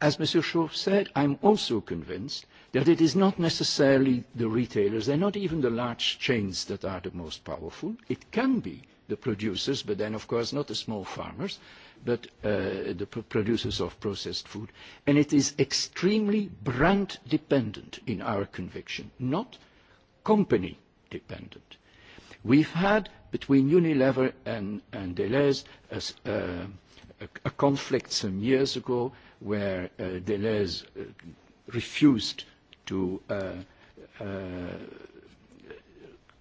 As Mr. Schoof said, I'm also convinced that it is not necessarily the retailers, they're not even the large chains that are the most powerful. It can be the producers, but then, of course, not the small farmers, but uh, the pro producers of processed food. And it is extremely brand dependent in our conviction, not company dependent. We've had between Unilever and, and Deleuze as, uh, a, a conflict some years ago where uh, Deleuze uh, refused to uh, uh,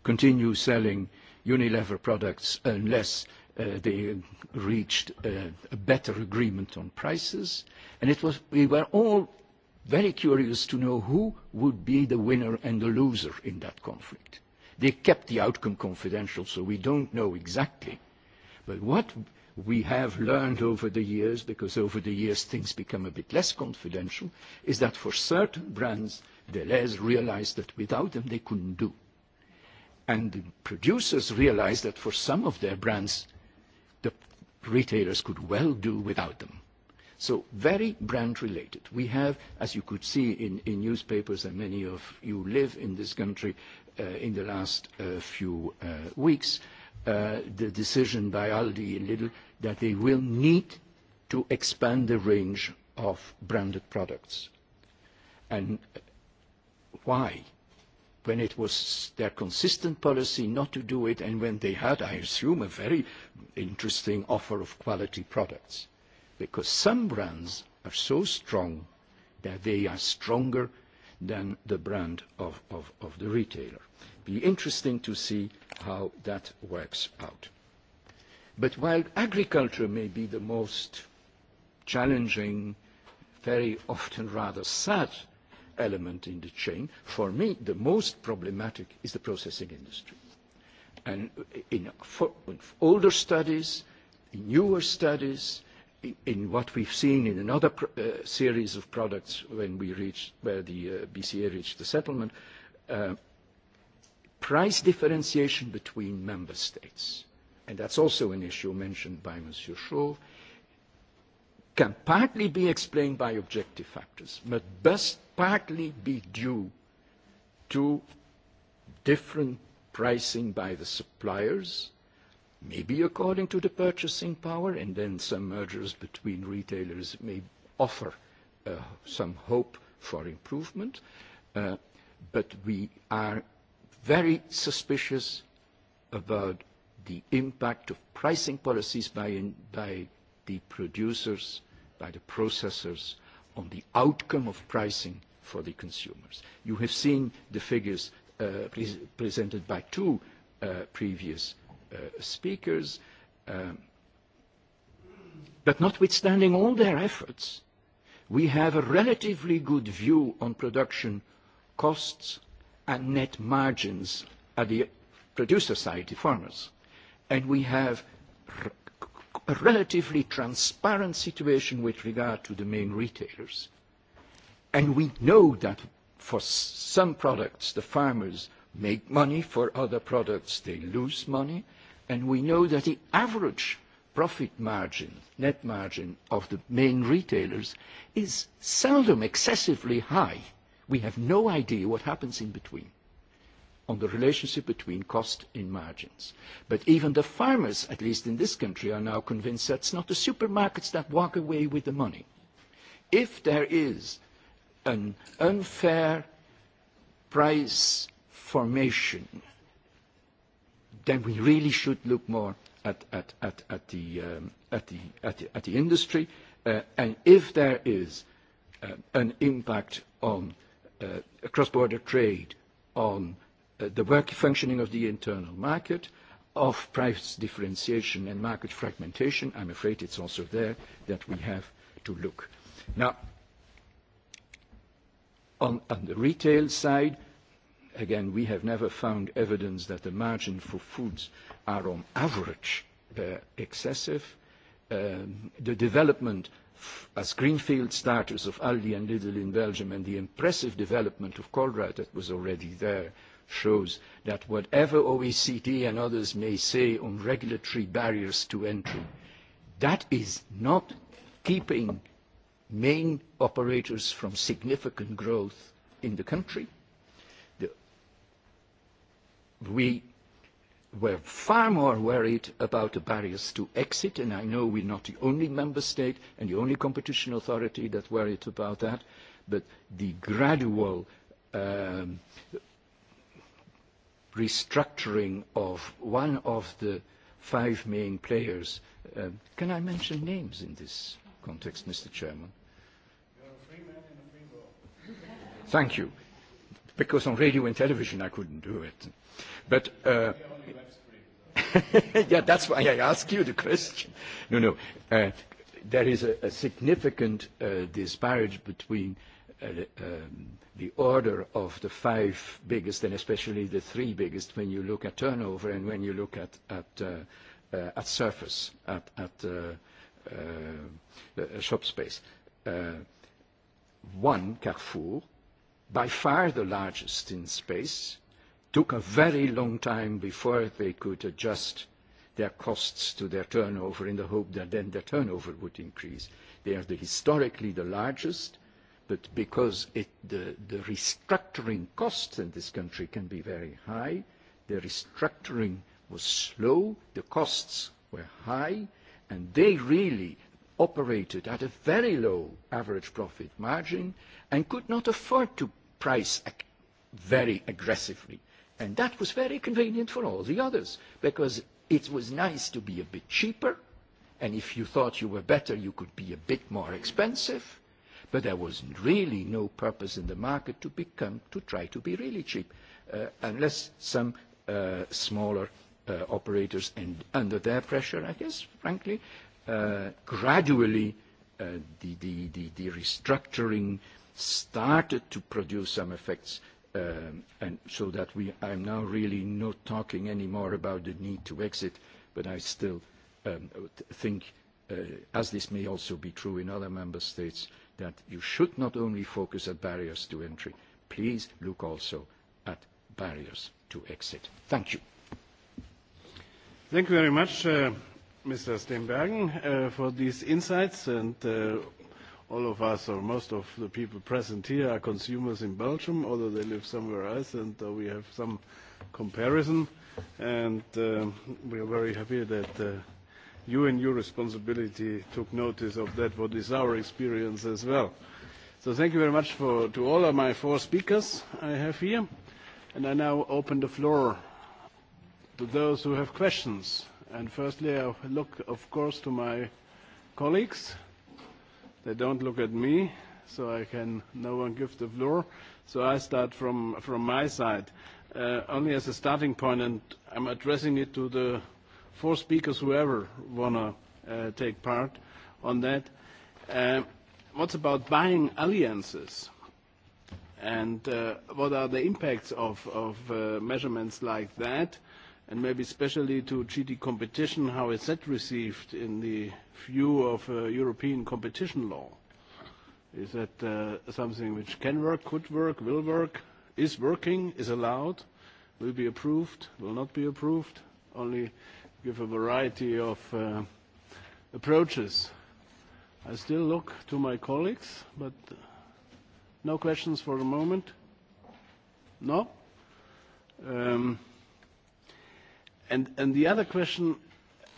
continue selling Unilever products unless uh, they reached uh, a better agreement on prices. And it was, we were all very curious to know who would be the winner and the loser in that conflict. They kept the outcome confidential, so we don't know exactly. But what we have learned over the years, because over the years things become a bit less confidential, is that for certain brands, Deleuze realized that without them they couldn't do. And the producers realized that for some of their brands, the retailers could well do without them. So very brand related. We have, as you could see in, in newspapers, and many of you live in this country uh, in the last uh, few uh, weeks, uh, the decision by Aldi and Lidl that they will need to expand the range of branded products. And uh, why? When it was their consistent policy not to do it, and when they had, I assume, a very interesting offer of quality products. Because some brands are so strong that they are stronger than the brand of, the of the retailer. Be interesting to see how that works out. But while agriculture may be the most challenging, very often rather sad element in the chain, for me the most problematic is the processing industry. And in, for, in older studies, in newer studies, in, in what we've seen in another pro, uh, series of products when we reached, where the uh, BCA reached the settlement, uh, price differentiation between member states, and that's also an issue mentioned by Monsieur Chauve, can partly be explained by objective factors, but must partly be due to different pricing by the suppliers, maybe according to the purchasing power, and then some mergers between retailers may offer uh, some hope for improvement. Uh, but we are very suspicious about the impact of pricing policies by, in, by the producers, by the processors, on the outcome of pricing for the consumers. You have seen the figures uh, pre presented by two uh, previous uh, speakers. Um, but notwithstanding all their efforts, we have a relatively good view on production costs and net margins at the producer side, the farmers. And we have a relatively transparent situation with regard to the main retailers. And we know that for some products, the farmers make money, for other products, they lose money. And we know that the average profit margin, net margin of the main retailers is seldom excessively high we have no idea what happens in between on the relationship between cost and margins. But even the farmers, at least in this country, are now convinced that it's not the supermarkets that walk away with the money. If there is an unfair price formation, then we really should look more at, at, at, at, the, um, at, the, at, the, at the industry. Uh, and if there is uh, an impact on uh, cross-border trade, on uh, the work functioning of the internal market, of price differentiation and market fragmentation, I'm afraid it's also there that we have to look. Now, on, on the retail side, again, we have never found evidence that the margin for foods are on average uh, excessive. Um, the development as greenfield starters of Aldi and Lidl in Belgium and the impressive development of Colruyt that was already there shows that whatever OECD and others may say on regulatory barriers to entry, that is not keeping main operators from significant growth in the country. The, we were far more worried about the barriers to exit, and I know we're not the only member state and the only competition authority that worried about that, but the gradual um, restructuring of one of the five main players. Um, can I mention names in this context, Mr. Chairman? a free man in a free world. Thank you because on radio and television I couldn't do it. But uh, yeah, that's why I ask you the question. No, no. Uh, there is a, a significant uh, disparage between uh, um, the order of the five biggest and especially the three biggest when you look at turnover and when you look at, at, uh, uh, at surface, at, at uh, uh, uh, shop space. Uh, one, Carrefour, by far the largest in space, took a very long time before they could adjust their costs to their turnover in the hope that then their turnover would increase. They are the historically the largest, but because it, the, the restructuring costs in this country can be very high, the restructuring was slow, the costs were high, and they really operated at a very low average profit margin and could not afford to price very aggressively. And that was very convenient for all the others because it was nice to be a bit cheaper. And if you thought you were better, you could be a bit more expensive. But there was really no purpose in the market to become, to try to be really cheap, uh, unless some uh, smaller uh, operators, and under their pressure, I guess, frankly, uh, gradually uh, the, the, the, the restructuring started to produce some effects um, and so that we, I'm now really not talking anymore about the need to exit, but I still um, think, uh, as this may also be true in other member states, that you should not only focus at barriers to entry, please look also at barriers to exit. Thank you. Thank you very much, uh, Mr. Steenbergen, uh, for these insights and all of us or most of the people present here are consumers in Belgium, although they live somewhere else, and uh, we have some comparison. And uh, we are very happy that uh, you and your responsibility took notice of that, what is our experience as well. So thank you very much for, to all of my four speakers I have here. And I now open the floor to those who have questions. And firstly, I look, of course, to my colleagues. They don't look at me, so I can no one give the floor. So I start from from my side, uh, only as a starting point, and I'm addressing it to the four speakers, whoever wanna uh, take part on that. Uh, what's about buying alliances? And uh, what are the impacts of, of uh, measurements like that? and maybe especially to treaty competition, how is that received in the view of uh, European competition law? Is that uh, something which can work, could work, will work, is working, is allowed, will be approved, will not be approved? Only give a variety of uh, approaches. I still look to my colleagues, but uh, no questions for the moment. No? Um, And, and the other question,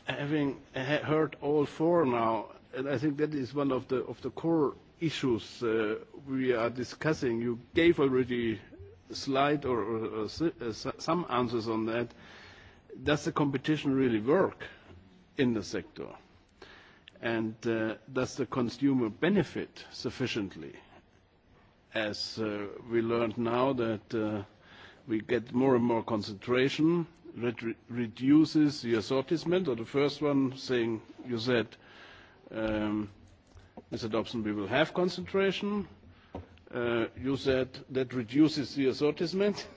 having heard all four now, and I think that is one of the, of the core issues uh, we are discussing. You gave already a slide or, or, or uh, some answers on that. Does the competition really work in the sector? And uh, does the consumer benefit sufficiently? As uh we learned now that uh we get more and more concentration, re reduces the assortment, or the first one saying, you said, um, Mr. Dobson, we will have concentration. Uh, you said that reduces the assortment,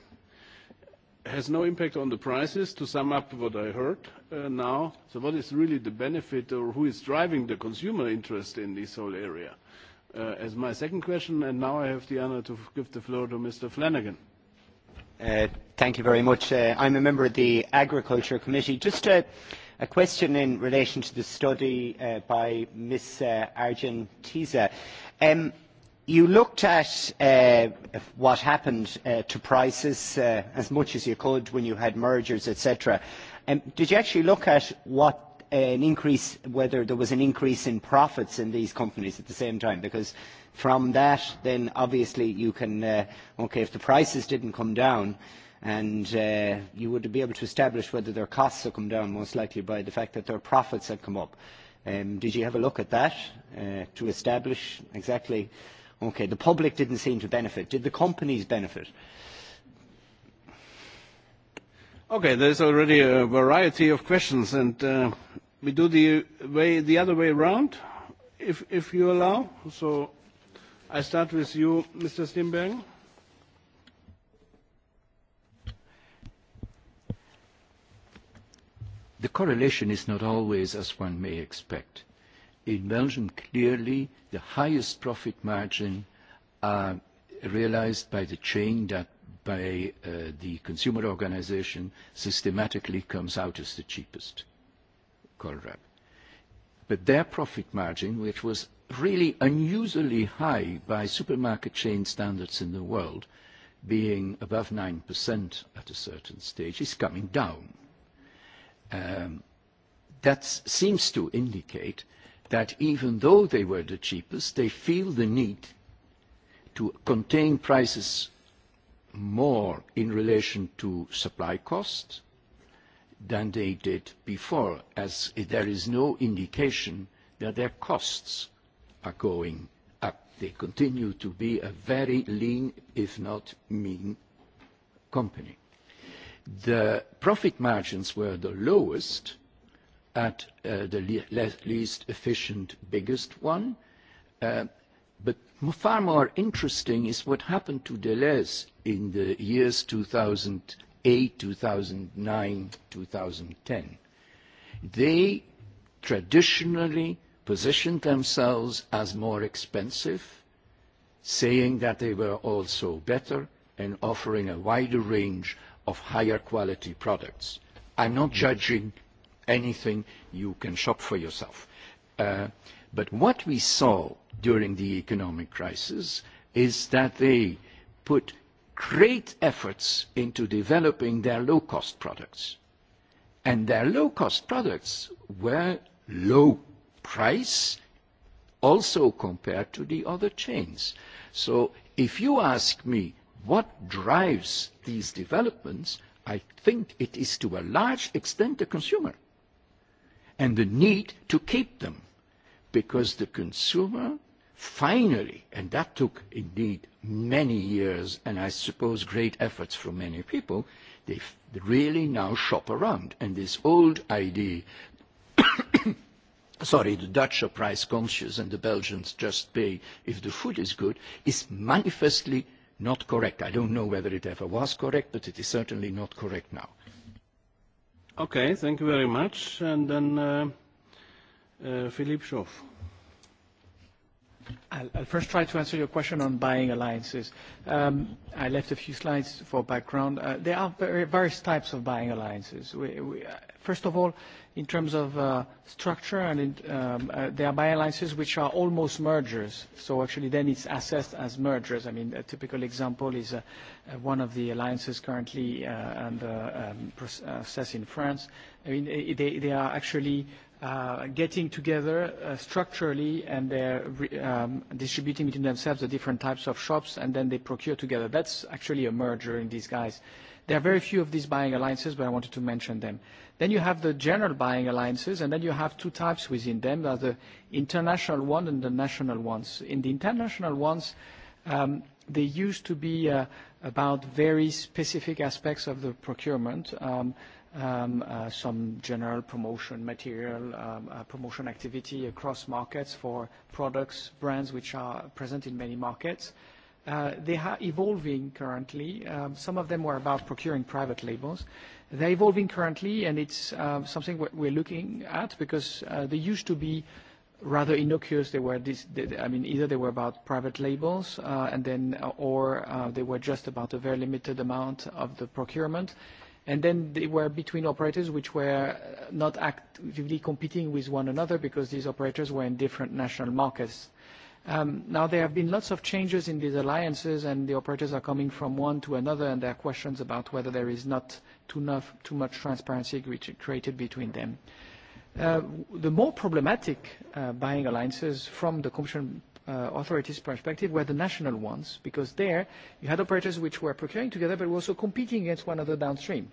has no impact on the prices, to sum up what I heard uh, now. So what is really the benefit or who is driving the consumer interest in this whole area? Uh, as my second question, and now I have the honor to give the floor to Mr. Flanagan. Uh, uh, i am a member of the Agriculture Committee. Just a, question in relation to the study uh, by Ms. Uh, um, you looked at what happened to prices as much as you could when you had mergers, etc. Um, did you actually look at what an increase, whether there was an increase in profits in these companies at the same time, because from that, then obviously you can, uh, okay, if the prices didn't come down, and uh, you would be able to establish whether their costs have come down, most likely by the fact that their profits have come up. Um, did you have a look at that uh, to establish exactly? Okay, the public didn't seem to benefit. Did the companies benefit? Okay, there's already a variety of questions, and uh, we do the way the other way around, if if you allow. So I start with you, Mr. stimberg The correlation is not always as one may expect. In Belgium, clearly, the highest profit margin are realized by the chain that by uh, the consumer organization systematically comes out as the cheapest rep. But their profit margin, which was really unusually high by supermarket chain standards in the world, being above 9% at a certain stage, is coming down. Um, that seems to indicate that even though they were the cheapest, they feel the need to contain prices more in relation to supply costs than they did before, as there is no indication that their costs are going up. They continue to be a very lean, if not mean, company. The profit margins were the lowest at uh, the le least efficient, biggest one. Uh, but far more interesting is what happened to Deleuze in the years 2000 2008, 2009, 2010. They traditionally positioned themselves as more expensive, saying that they were also better and offering a wider range of higher quality products. I'm not mm. judging anything. You can shop for yourself. Uh, but what we saw during the economic crisis is that they put great efforts into developing their low-cost products. And their low-cost products were low price also compared to the other chains. So if you ask me what drives these developments, I think it is to a large extent the consumer and the need to keep them because the consumer finally, and that took indeed many years and I suppose great efforts from many people, they really now shop around. And this old idea, sorry, the Dutch are price conscious and the Belgians just pay if the food is good, is manifestly not correct. I don't know whether it ever was correct, but it is certainly not correct now. Okay, thank you very much. And then uh, uh, Philippe Schoff. I'll, I'll first try to answer your question on buying alliances. Um, I left a few slides for background. Uh, there are various types of buying alliances. We, we, uh, first of all, in terms of uh, structure, and in, um, uh, there are buying alliances which are almost mergers. So actually, then it's assessed as mergers. I mean, a typical example is uh, uh, one of the alliances currently uh, under um, process uh, in France. I mean, they, they are actually uh, getting together uh, structurally and they're um, distributing between themselves the different types of shops and then they procure together. That's actually a merger in these guys. There are very few of these buying alliances, but I wanted to mention them. Then you have the general buying alliances, and then you have two types within them. There are the international one and the national ones. In the international ones, um, they used to be uh, about very specific aspects of the procurement. Um, um, uh, some general promotion material, um, uh, promotion activity across markets for products, brands which are present in many markets. Uh, they are evolving currently. Um, some of them were about procuring private labels. They're evolving currently, and it's um, something we're looking at because uh, they used to be rather innocuous. They were, dis I mean, either they were about private labels, uh, and then, uh, or uh, they were just about a very limited amount of the procurement. And then they were between operators which were uh, not actively competing with one another because these operators were in different national markets. Um, now, there have been lots of changes in these alliances, and the operators are coming from one to another, and there are questions about whether there is not too, enough, too much transparency created between them. Uh, the more problematic uh, buying alliances from the Commission uh, authorities' perspective were the national ones, because there you had operators which were procuring together but were also competing against one another downstream.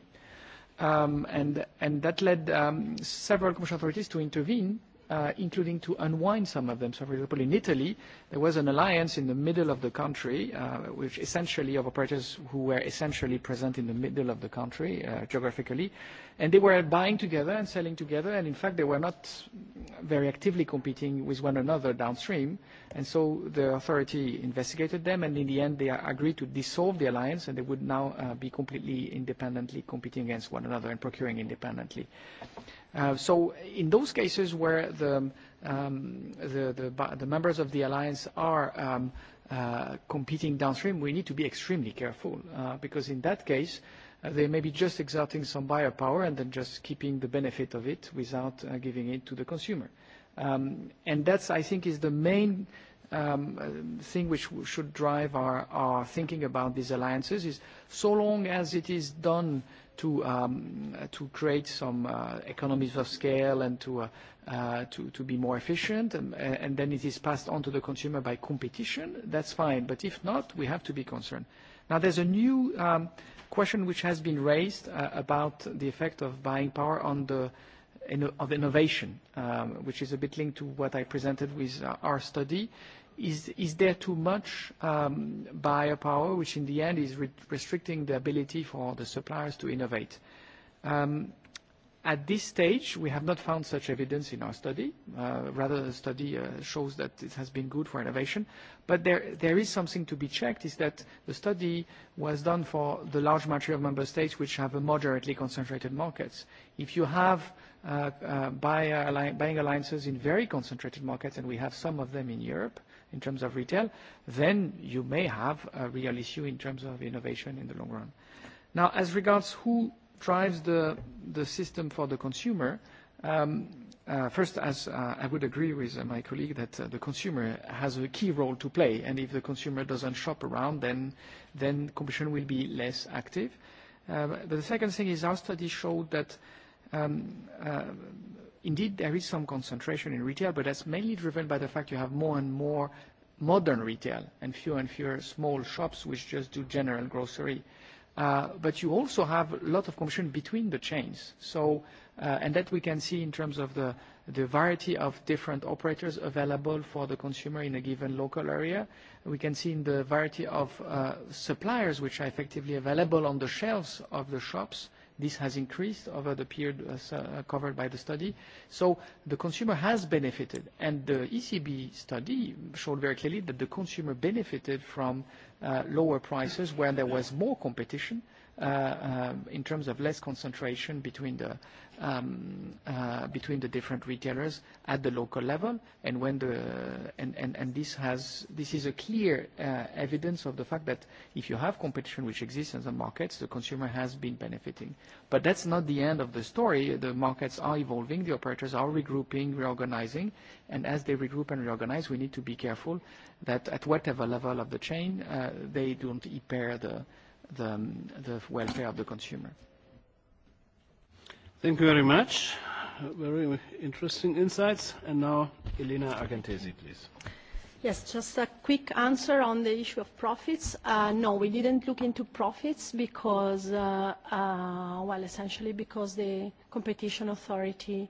Um, and, and that led um, several commercial authorities to intervene uh, including to unwind some of them. So, for example, in Italy, there was an alliance in the middle of the country, uh, which essentially of operators who were essentially present in the middle of the country uh, geographically, and they were buying together and selling together, and in fact they were not very actively competing with one another downstream, and so the authority investigated them, and in the end they agreed to dissolve the alliance, and they would now uh, be completely independently competing against one another and procuring independently. Uh, so in those cases where the, um, um the, the, the members of the alliance are um, uh, competing downstream, we need to be extremely careful uh, because in that case, uh, they may be just exerting some buyer power and then just keeping the benefit of it without uh, giving it to the consumer. Um, and that's, I think, is the main um, thing which should drive our, our thinking about these alliances is so long as it is done uh, to um, to create some uh, economies of scale and to uh, uh, to to be more efficient, um, and, and then it is passed on to the consumer by competition. That's fine, but if not, we have to be concerned. Now, there's a new um, question which has been raised uh, about the effect of buying power on the of innovation, um, which is a bit linked to what I presented with uh, our study is, is there too much um, buyer power, which in the end is re restricting the ability for the suppliers to innovate? Um, at this stage, we have not found such evidence in our study. Uh, rather, the study uh, shows that it has been good for innovation. But there, there is something to be checked, is that the study was done for the large majority of member states which have a moderately concentrated markets. If you have uh, uh, buying alliances in very concentrated markets, and we have some of them in Europe, in terms of retail, then you may have a real issue in terms of innovation in the long run. Now, as regards who drives the the system for the consumer, um, uh, first, as uh, I would agree with uh, my colleague that uh, the consumer has a key role to play, and if the consumer doesn't shop around, then then competition will be less active. Uh, but the second thing is our study showed that um, uh, Indeed, there is some concentration in retail, but that's mainly driven by the fact you have more and more modern retail and fewer and fewer small shops which just do general grocery. Uh, but you also have a lot of competition between the chains. So, uh, and that we can see in terms of the, the variety of different operators available for the consumer in a given local area. We can see in the variety of uh, suppliers which are effectively available on the shelves of the shops, This has increased over the period uh, uh, covered by the study. So the consumer has benefited. And the ECB study showed very clearly that the consumer benefited from uh, lower prices where there was more competition – Uh, uh, in terms of less concentration between the um, uh, between the different retailers at the local level. and when the and and and This has this is a clear uh, evidence of the fact that if you have competition which exists in the markets, the consumer has been benefiting. But That's not the end of the story. The markets are evolving, the operators are regrouping, reorganizing, and as they regroup and reorganize, we need to be careful that at whatever level of the chain, uh they don't impair the the, um, the welfare of the consumer. Thank you very much. Very interesting insights. And now, Elena Argentesi, please. Yes, just a quick answer on the issue of profits. Uh, no, we didn't look into profits because, uh, uh, well, essentially because the competition authority,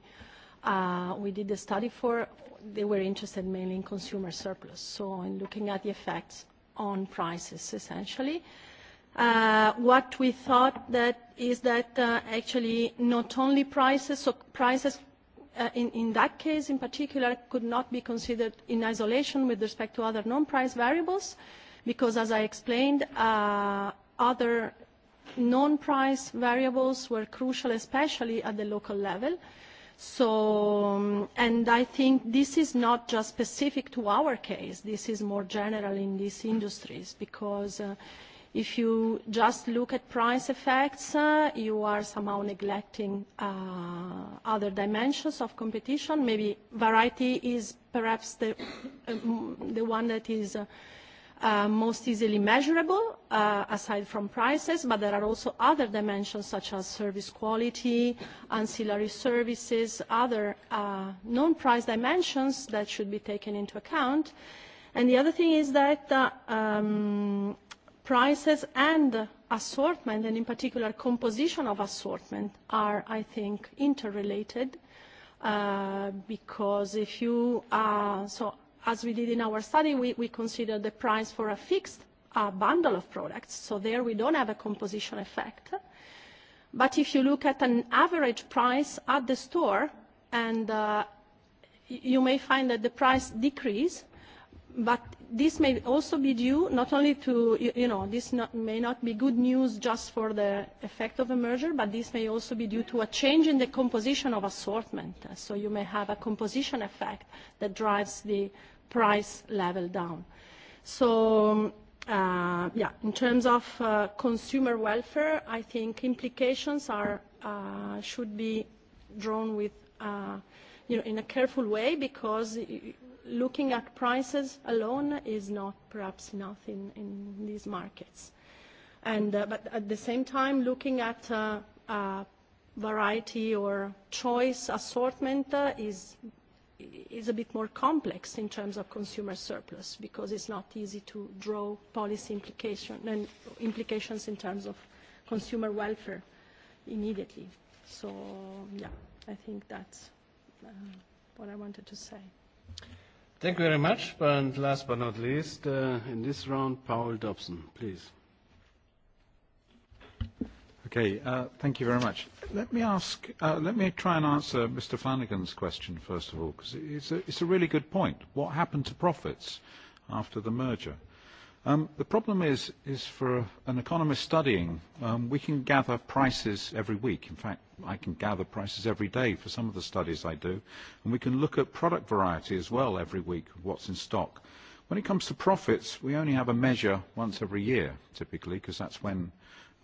we did the study for, they were interested mainly in consumer surplus, so in looking at the effects on prices, essentially uh, what we thought that is that uh, actually not only prices, so prices uh, in, in that case in particular could not be considered in isolation with respect to other non-price variables because as I explained, uh, other non-price variables were crucial, especially at the local level. So, um, and I think this is not just specific to our case. This is more general in these industries because uh, If you just look at price effects, uh, you are somehow neglecting uh, other dimensions of competition. Maybe variety is perhaps the, um, the one that is uh, uh, most easily measurable, uh, aside from prices, but there are also other dimensions such as service quality, ancillary services, other uh, non-price dimensions that should be taken into account. And the other thing is that uh, um, prices and assortment, and in particular composition of assortment, are, I think, interrelated uh, because if you, uh, so as we did in our study, we, we consider the price for a fixed uh, bundle of products, so there we don't have a composition effect. But if you look at an average price at the store, and uh, you may find that the price decrease, but this may also be due not only to, you, you know, this not, may not be good news just for the effect of a merger, but this may also be due to a change in the composition of assortment. So you may have a composition effect that drives the price level down. So, um, uh, yeah, in terms of uh, consumer welfare, I think implications are, uh, should be drawn with, uh, you know, in a careful way because looking at prices alone is not perhaps enough in, in these markets. And, uh, but at the same time, looking at uh, uh, variety or choice assortment uh, is is a bit more complex in terms of consumer surplus because it's not easy to draw policy implication and uh, implications in terms of consumer welfare immediately. So yeah, I think that's uh, what I wanted to say. Thank you very much. And last but not least, uh, in this round, Paul Dobson, please. Okay, uh, thank you very much. Let me ask, uh, let me try and answer Mr. Flanagan's question first of all, because it's a, it's a really good point. What happened to profits after the merger? Um, the problem is, is for an economist studying, um, we can gather prices every week. In fact, I can gather prices every day for some of the studies I do. And we can look at product variety as well every week, what's in stock. When it comes to profits, we only have a measure once every year, typically, because that's when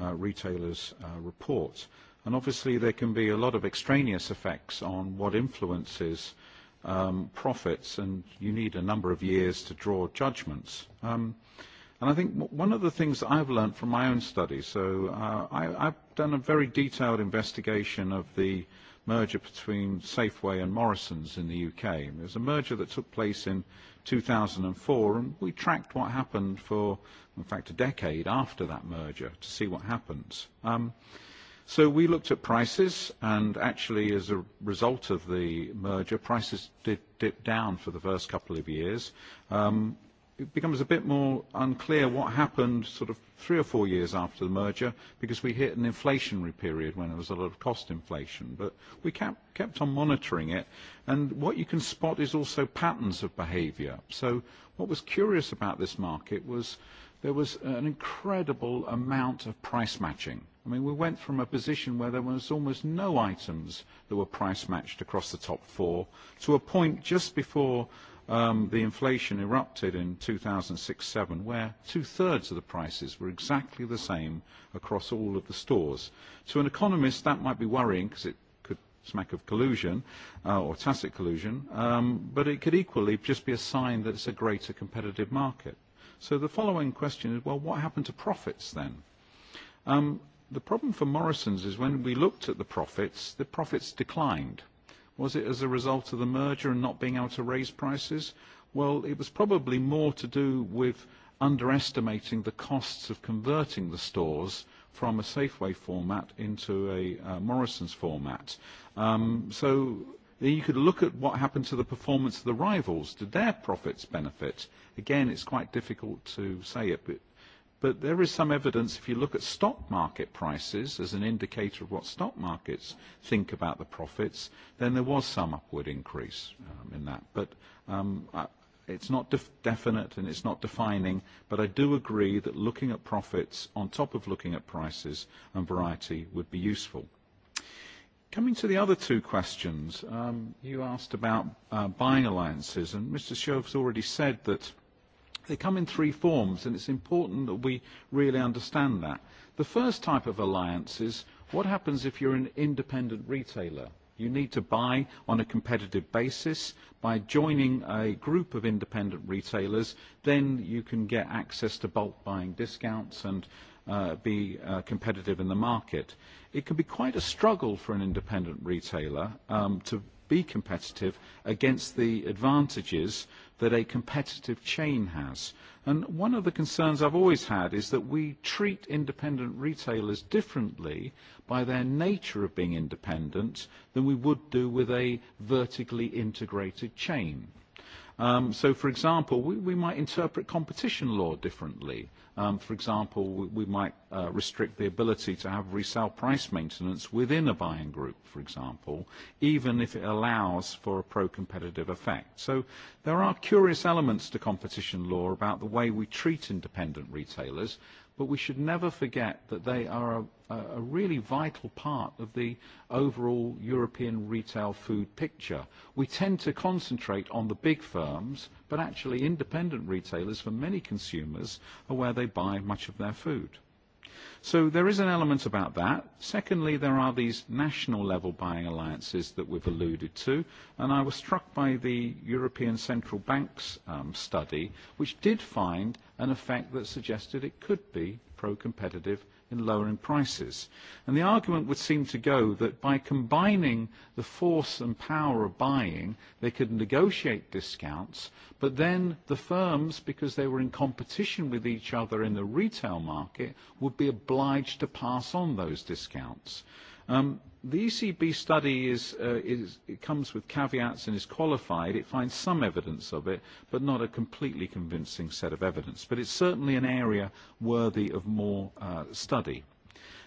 uh, retailers uh, report. And obviously there can be a lot of extraneous effects on what influences uh, um, profits, and you need a number of years to draw judgments. Um, and I think one of the things that I've learned from my own study, so uh, I, I've done a very detailed investigation of the merger between Safeway and Morrison's in the UK. It was a merger that took place in 2004, and we tracked what happened for, in fact, a decade after that merger to see what happens. Um, so we looked at prices, and actually, as a result of the merger, prices did dip down for the first couple of years. Um, it becomes a bit more unclear what happened sort of three or four years after the merger because we hit an inflationary period when there was a lot of cost inflation. But we kept, kept on monitoring it. And what you can spot is also patterns of behavior. So what was curious about this market was there was an incredible amount of price matching. I mean, we went from a position where there was almost no items that were price matched across the top four to a point just before um, the inflation erupted in 2006-7 where two-thirds of the prices were exactly the same across all of the stores. To an economist, that might be worrying because it could smack of collusion uh, or tacit collusion, um, but it could equally just be a sign that it's a greater competitive market. So the following question is, well, what happened to profits then? Um, the problem for Morrison's is when we looked at the profits, the profits declined. Was it as a result of the merger and not being able to raise prices? Well, it was probably more to do with underestimating the costs of converting the stores from a Safeway format into a uh, Morrison's format. Um, so you could look at what happened to the performance of the rivals. Did their profits benefit? Again, it's quite difficult to say it, but But there is some evidence, if you look at stock market prices as an indicator of what stock markets think about the profits, then there was some upward increase um, in that. But um, I, it's not def definite and it's not defining, but I do agree that looking at profits on top of looking at prices and variety would be useful. Coming to the other two questions, um, you asked about uh, buying alliances, and Mr. Shove's already said that They come in three forms, and it's important that we really understand that. The first type of alliance is what happens if you're an independent retailer? You need to buy on a competitive basis. By joining a group of independent retailers, then you can get access to bulk buying discounts and uh, be uh, competitive in the market. It can be quite a struggle for an independent retailer um, to be competitive against the advantages that a competitive chain has. And one of the concerns I've always had is that we treat independent retailers differently by their nature of being independent than we would do with a vertically integrated chain. Um, so, for example, we, we might interpret competition law differently Um, for example, we, we might uh, restrict the ability to have resale price maintenance within a buying group, for example, even if it allows for a pro-competitive effect. So there are curious elements to competition law about the way we treat independent retailers, but we should never forget that they are a, a really vital part of the overall European retail food picture. We tend to concentrate on the big firms, but actually independent retailers for many consumers are where they buy much of their food. So there is an element about that. Secondly, there are these national level buying alliances that we've alluded to, and I was struck by the European Central Bank's um, study, which did find an effect that suggested it could be pro-competitive in lowering prices. And the argument would seem to go that by combining the force and power of buying, they could negotiate discounts, but then the firms, because they were in competition with each other in the retail market, would be obliged to pass on those discounts. Um, the ECB study is, uh, is, it comes with caveats and is qualified. It finds some evidence of it, but not a completely convincing set of evidence. But it's certainly an area worthy of more uh, study.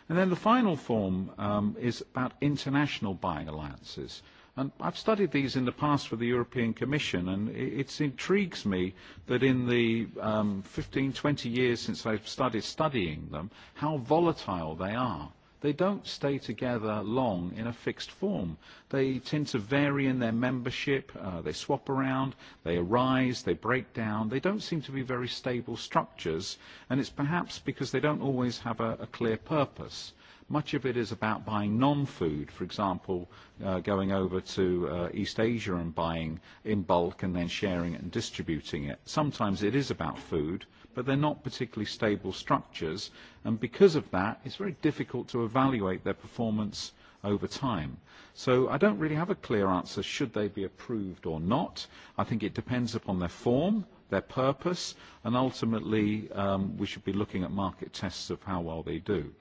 And then the final form um, is about international buying alliances. And I've studied these in the past for the European Commission, and it, it intrigues me that in the um, 15, 20 years since I've started studying them, how volatile they are they don't stay together long in a fixed form. They tend to vary in their membership, uh, they swap around, they arise, they break down. They don't seem to be very stable structures, and it's perhaps because they don't always have a, a clear purpose. Much of it is about buying non-food, for example, uh, going over to uh, East Asia and buying in bulk and then sharing it and distributing it. Sometimes it is about food, but they're not particularly stable structures. And because of that, it's very difficult to evaluate their performance over time. So I don't really have a clear answer should they be approved or not. I think it depends upon their form, their purpose, and ultimately um, we should be looking at market tests of how well they do.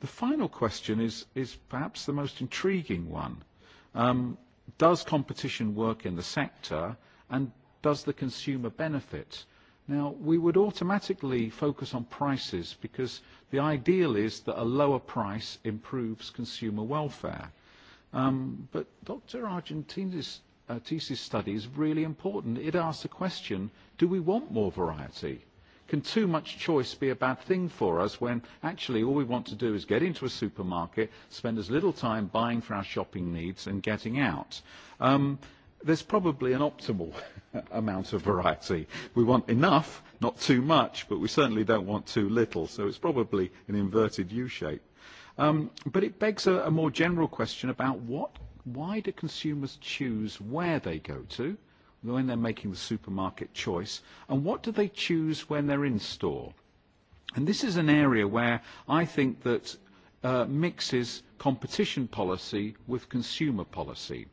The final question is, is perhaps the most intriguing one. Um, does competition work in the sector and does the consumer benefit? Now, we would automatically focus on prices because the ideal is that a lower price improves consumer welfare. Um, but Dr. Argentina's uh, thesis study is really important. It asks the question, do we want more variety? Can too much choice be a bad thing for us when actually all we want to do is get into a supermarket, spend as little time buying for our shopping needs and getting out? Um, there's probably an optimal amount of variety. We want enough, not too much, but we certainly don't want too little. So it's probably an inverted U shape. Um, but it begs a, a more general question about what, why do consumers choose where they go to when they're making the supermarket choice, and what do they choose when they're in store? And this is an area where I think that uh, mixes competition policy with consumer policy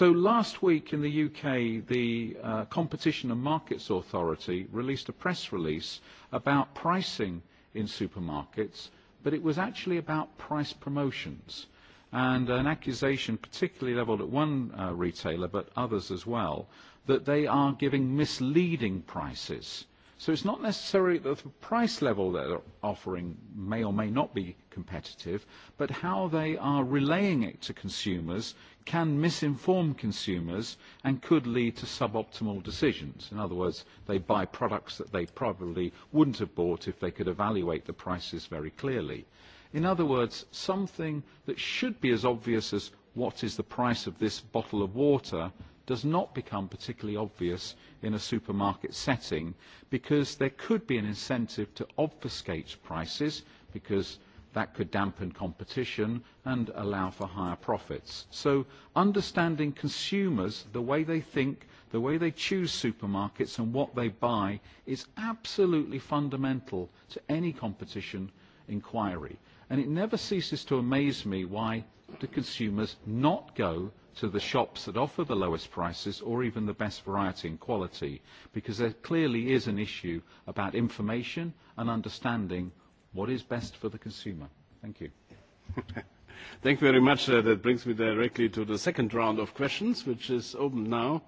so last week in the UK, the uh, Competition and Markets Authority released a press release about pricing in supermarkets, but it was actually about price promotions and an accusation particularly levelled at one uh, retailer, but others as well, that they are giving misleading prices so It's not necessarily that the price level that they're offering may or may not be competitive, but how they are relaying it to consumers can misinform consumers and could lead to suboptimal decisions. In other words, they buy products that they probably wouldn't have bought if they could evaluate the prices very clearly. In other words, something that should be as obvious as what is the price of this bottle of water does not become particularly obvious in a supermarket setting because there could be an incentive to obfuscate prices because that could dampen competition and allow for higher profits. So understanding consumers, the way they think, the way they choose supermarkets and what they buy is absolutely fundamental to any competition inquiry. And it never ceases to amaze me why do consumers not go to the shops that offer the lowest prices or even the best variety and quality because there clearly is an issue about information and understanding what is best for the consumer. Thank you. Thank you very much. Uh, that brings me directly to the second round of questions, which is open now.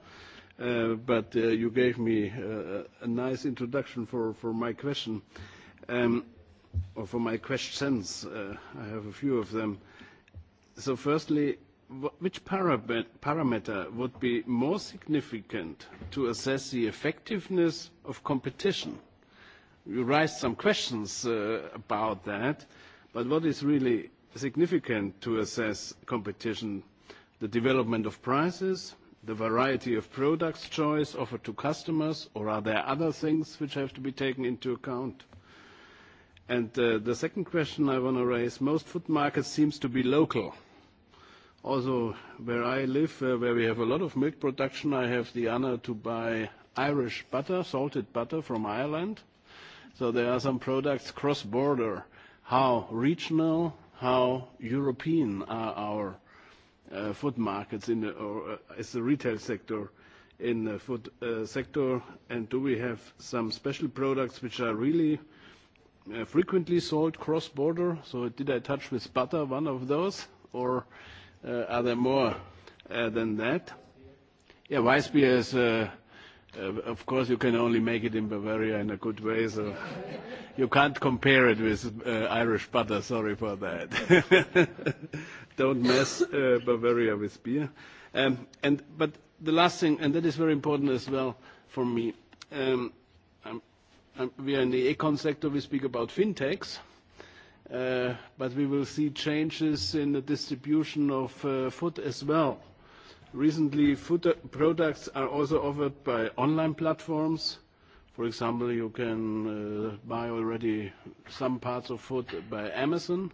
Uh, but uh, you gave me uh, a nice introduction for, for my question, um, or for my questions. Uh, I have a few of them. So firstly, which parameter would be more significant to assess the effectiveness of competition? You raised some questions uh, about that, but what is really significant to assess competition? The development of prices, the variety of products choice offered to customers, or are there other things which have to be taken into account? And uh, The second question I want to raise, most food markets seems to be local Also, where I live, uh, where we have a lot of milk production, I have the honor to buy Irish butter, salted butter from Ireland. So there are some products cross-border. How regional, how European are our uh, food markets in the, or uh, is the retail sector in the food uh, sector? And do we have some special products which are really uh, frequently sold cross-border? So did I touch with butter one of those, or Uh, are there more uh, than that? Yeah, Weissbier is, uh, uh, of course, you can only make it in Bavaria in a good way, so you can't compare it with uh, Irish butter. Sorry for that. Don't mess uh, Bavaria with beer. Um, and but the last thing, and that is very important as well for me. Um, I'm, I'm, we are in the econ sector. We speak about fintechs. Uh, but we will see changes in the distribution of uh, food as well. Recently, food uh, products are also offered by online platforms. For example, you can uh, buy already some parts of food by Amazon.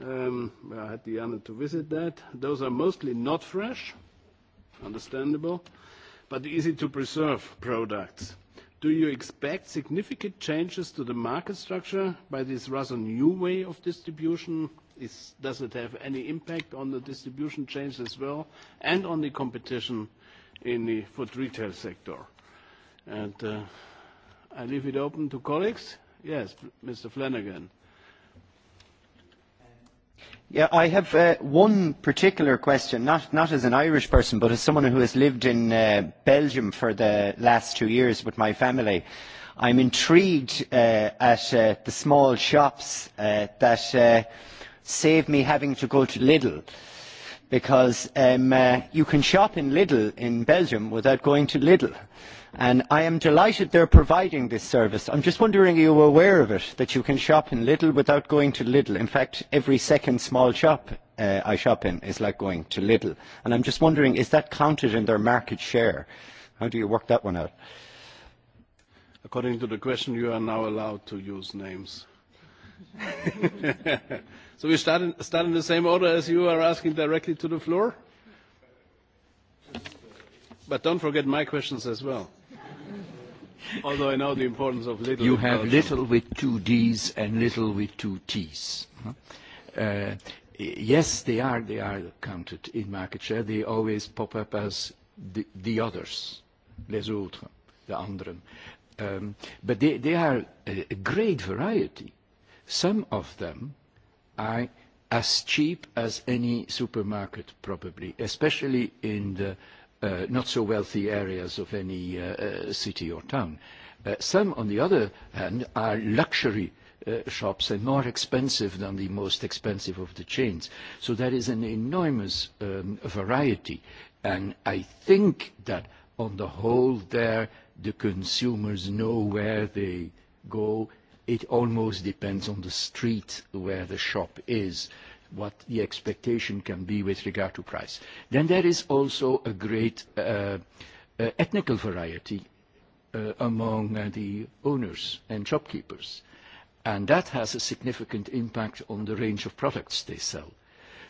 Um, I had the honor to visit that. Those are mostly not fresh, understandable, but easy to preserve products. Do you expect significant changes to the market structure by this rather new way of distribution? Is, does it have any impact on the distribution chains as well and on the competition in the food retail sector? And uh, I leave it open to colleagues. Yes, Mr. Flanagan. Yeah, I have uh, one particular question, not, not as an Irish person, but as someone who has lived in uh, Belgium for the last two years with my family. I'm intrigued uh, at uh, the small shops uh, that uh, save me having to go to Lidl. Because um, uh, you can shop in Lidl in Belgium without going to Lidl and I am delighted they are providing this service. I am just wondering, are you aware of it, that you can shop in Lidl without going to Lidl? In fact, every second small shop uh, I shop in is like going to Lidl. And I am just wondering, is that counted in their market share? How do you work that one out? According to the question, you are now allowed to use names. so we start in, start in the same order as you are asking directly to the floor? But don't forget my questions as well. Although I know the importance of little. You have culture. little with two Ds and little with two Ts. Uh, yes, they are, they are counted in market share. They always pop up as the, the others, les autres, the anderen. Um, but they, they are a, a great variety. Some of them are as cheap as any supermarket, probably, especially in the uh, not so wealthy areas of any uh, uh, city or town. Uh, some, on the other hand, are luxury uh, shops and more expensive than the most expensive of the chains. So there is an enormous um, variety. And I think that on the whole there, the consumers know where they go. It almost depends on the street where the shop is. Uh, what the expectation can be with regard to price. Then there is also a great uh, uh, ethnical variety uh, among uh, the owners and shopkeepers. And that has a significant impact on the range of products they sell.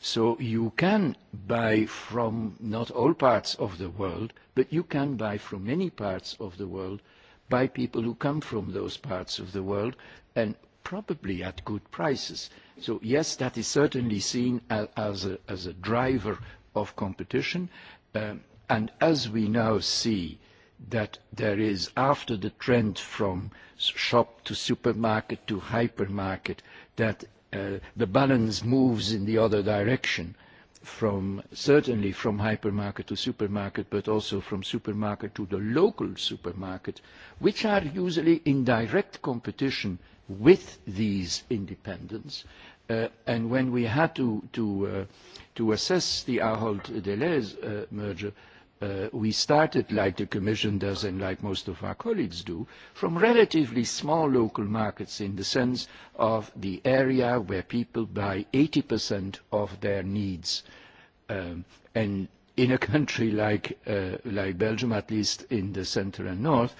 So you can buy from not all parts of the world, but you can buy from many parts of the world by people who come from those parts of the world and probably at good prices. So yes, that is certainly seen as a, driver of competition. Um, and as we now see that there is, after the trend from shop to supermarket to hypermarket, that uh, the balance moves in the other direction, from certainly from hypermarket to supermarket, but also from supermarket to the local supermarket, which are usually in direct competition with these independents. Uh, and when we had to, to, uh, to assess the Ahold Delhaize uh, merger, uh, we started, like the Commission does and like most of our colleagues do, from relatively small local markets in the sense of the area where people buy 80% of their needs. Um, and in a country like, uh, like Belgium, at least in the center and north,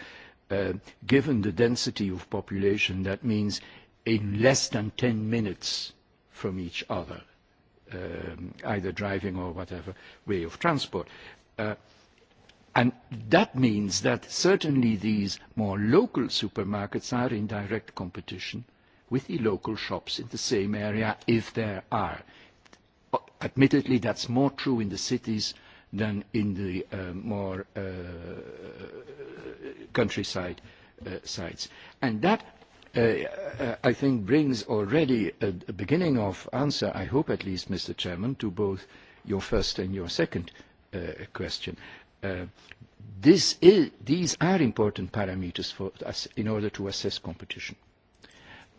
uh, given the density of population, that means in less than 10 minutes from each other, um, either driving or whatever way of transport. Uh, and that means that certainly these more local supermarkets are in direct competition with the local shops in the same area if there are. Admittedly, that's more true in the cities than in the uh, more uh, countryside uh, sites. And that, uh, uh, I think, brings already a, a beginning of answer, I hope at least, Mr. Chairman, to both your first and your second uh, question. Uh, this is, these are important parameters for us in order to assess competition.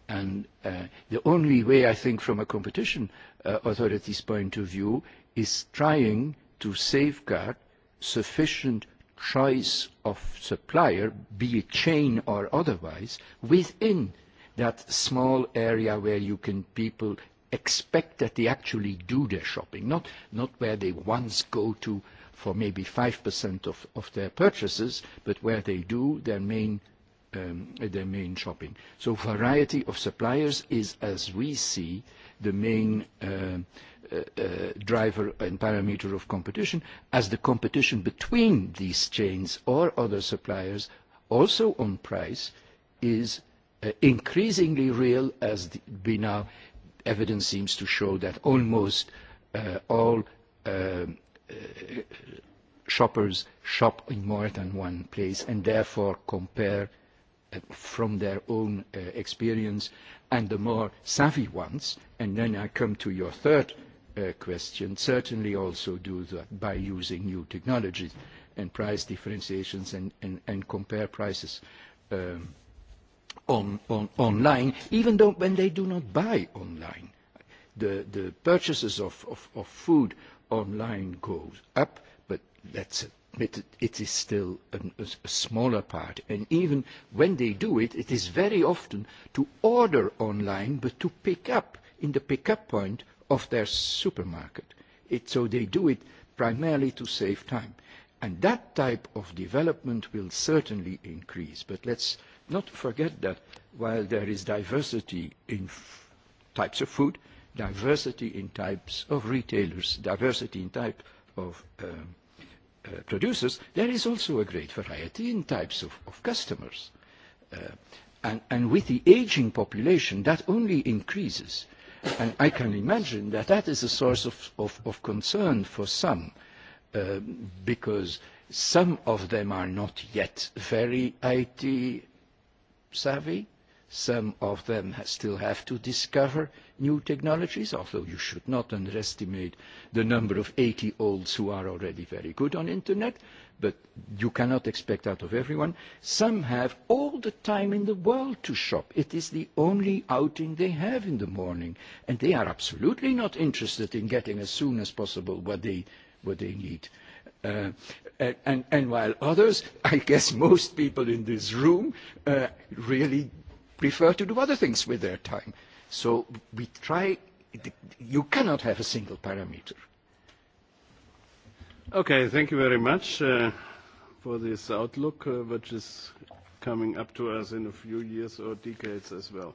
And uh, the only way, I think, from a competition uh, authority's point of view, is trying to safeguard sufficient choice of supplier, be it chain or otherwise, within that small area where you can people expect that they actually do their shopping, not, not where they once go to for maybe 5% of, of their purchases, but where they do their main, um, their main shopping. So variety of suppliers is, as we see, the main uh, uh, uh, driver and parameter of competition, as the competition between these chains or other suppliers, also on price, is increasingly real as we now evidence seems to show that almost uh, all um, uh, shoppers shop in more than one place and therefore compare uh, from their own experience and the more savvy ones, and then I come to your third uh, question, certainly also do that by using new technologies and price differentiations and, and, and compare prices um, on, on, online, even though when they do not buy online. The, the purchases of, of, of food online goes up, but that's it but it is still an, a, a smaller part. And even when they do it, it is very often to order online, but to pick up in the pickup point of their supermarket. It, so they do it primarily to save time. And that type of development will certainly increase. But let's not forget that while there is diversity in f types of food, diversity in types of retailers, diversity in type of um, uh, producers, there is also a great variety in types of, of customers. Uh, and, and with the aging population, that only increases. And I can imagine that that is a source of, of, of concern for some, uh, because some of them are not yet very IT savvy, Some of them still have to discover new technologies, although you should not underestimate the number of 80-olds who are already very good on the Internet, but you cannot expect out of everyone. Some have all the time in the world to shop. It is the only outing they have in the morning, and they are absolutely not interested in getting as soon as possible what they, what they need. Uh, and, while others, I guess most people in this room, uh, really prefer to do other things with their time. So we try, you cannot have a single parameter. Okay, thank you very much uh, for this outlook, uh, which is coming up to us in a few years or decades as well.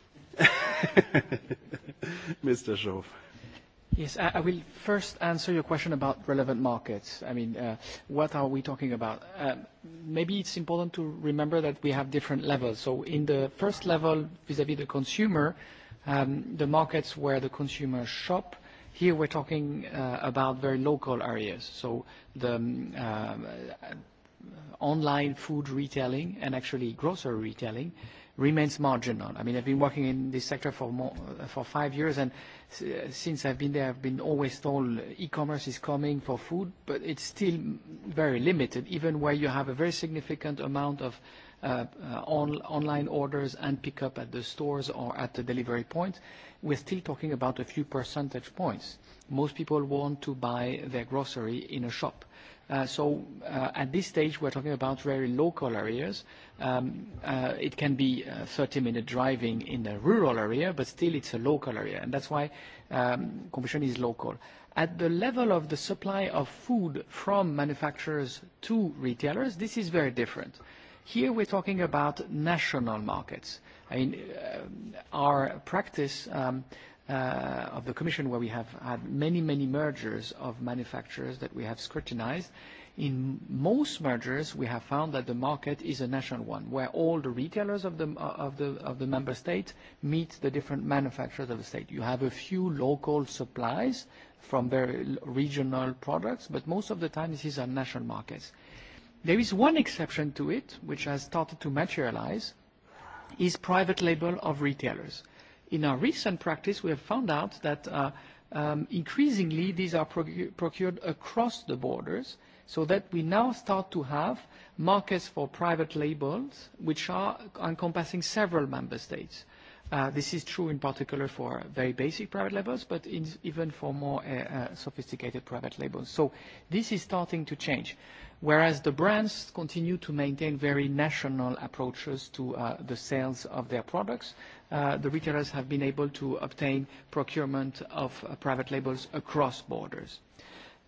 Mr. Schoff. Yes, I, I will first answer your question about relevant markets. I mean, uh, what are we talking about? Um, maybe it's important to remember that we have different levels. So in the first level, vis-à-vis the consumer, um, the markets where the consumers shop, here we're talking uh, about very local areas. So the um, uh, online food retailing and actually grocery retailing, remains marginal. I mean, I've been working in this sector for more, for five years, and since I've been there, I've been always told e-commerce is coming for food, but it's still very limited, even where you have a very significant amount of uh, uh, on, online orders and pickup at the stores or at the delivery point. We're still talking about a few percentage points. Most people want to buy their grocery in a shop Uh, so uh, at this stage, we're talking about very local areas. Um, uh, it can be 30-minute uh, driving in a rural area, but still it's a local area, and that's why um, competition is local. At the level of the supply of food from manufacturers to retailers, this is very different. Here we're talking about national markets. I mean, uh, our practice um, uh, of the Commission, where we have had many, many mergers of manufacturers that we have scrutinized. In most mergers, we have found that the market is a national one, where all the retailers of the, uh, of the, member state meet the different manufacturers of the state. You have a few local supplies from very regional products, but most of the time, this is a national markets. There is one exception to it, which has started to materialize, is private label of retailers in our recent practice, we have found out that uh, um, increasingly these are procured across the borders, so that we now start to have markets for private labels, which are encompassing several member states. Uh, this is true in particular for very basic private labels, but even for more uh, sophisticated private labels. So this is starting to change, whereas the brands continue to maintain very national approaches to the sales of their products uh, the retailers have been able to obtain procurement of uh, private labels across borders.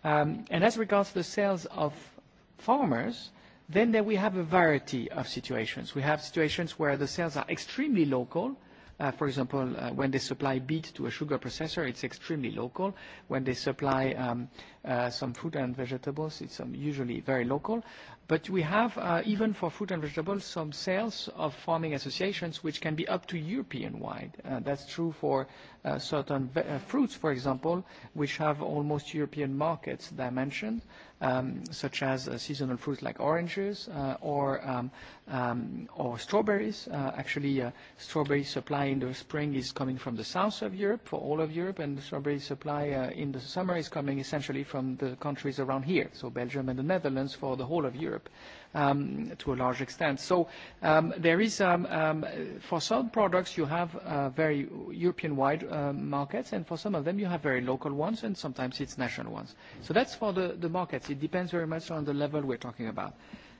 Um, and as regards the sales of farmers, then there we have a variety of situations. We have situations where the sales are extremely local, uh, for example, uh, when they supply beet to a sugar processor, it's extremely local. When they supply um, uh, some fruit and vegetables. It's um, usually very local. But we have, uh, even for fruit and vegetables, some sales of farming associations which can be up to European-wide. Uh, that's true for uh, certain ve uh, fruits, for example, which have almost European markets dimension, um, such as uh, seasonal fruits like oranges uh, or, um, um, or strawberries. Uh, actually, uh, strawberry supply in the spring is coming from the south of Europe, for all of Europe, and strawberry supply uh, in the summer is coming essentially from from the countries around here, so Belgium and the Netherlands for the whole of Europe um, to a large extent. So um, there is, um, um, for some products you have uh, very European-wide uh, markets, and for some of them you have very local ones, and sometimes it's national ones. So that's for the, the markets. It depends very much on the level we're talking about.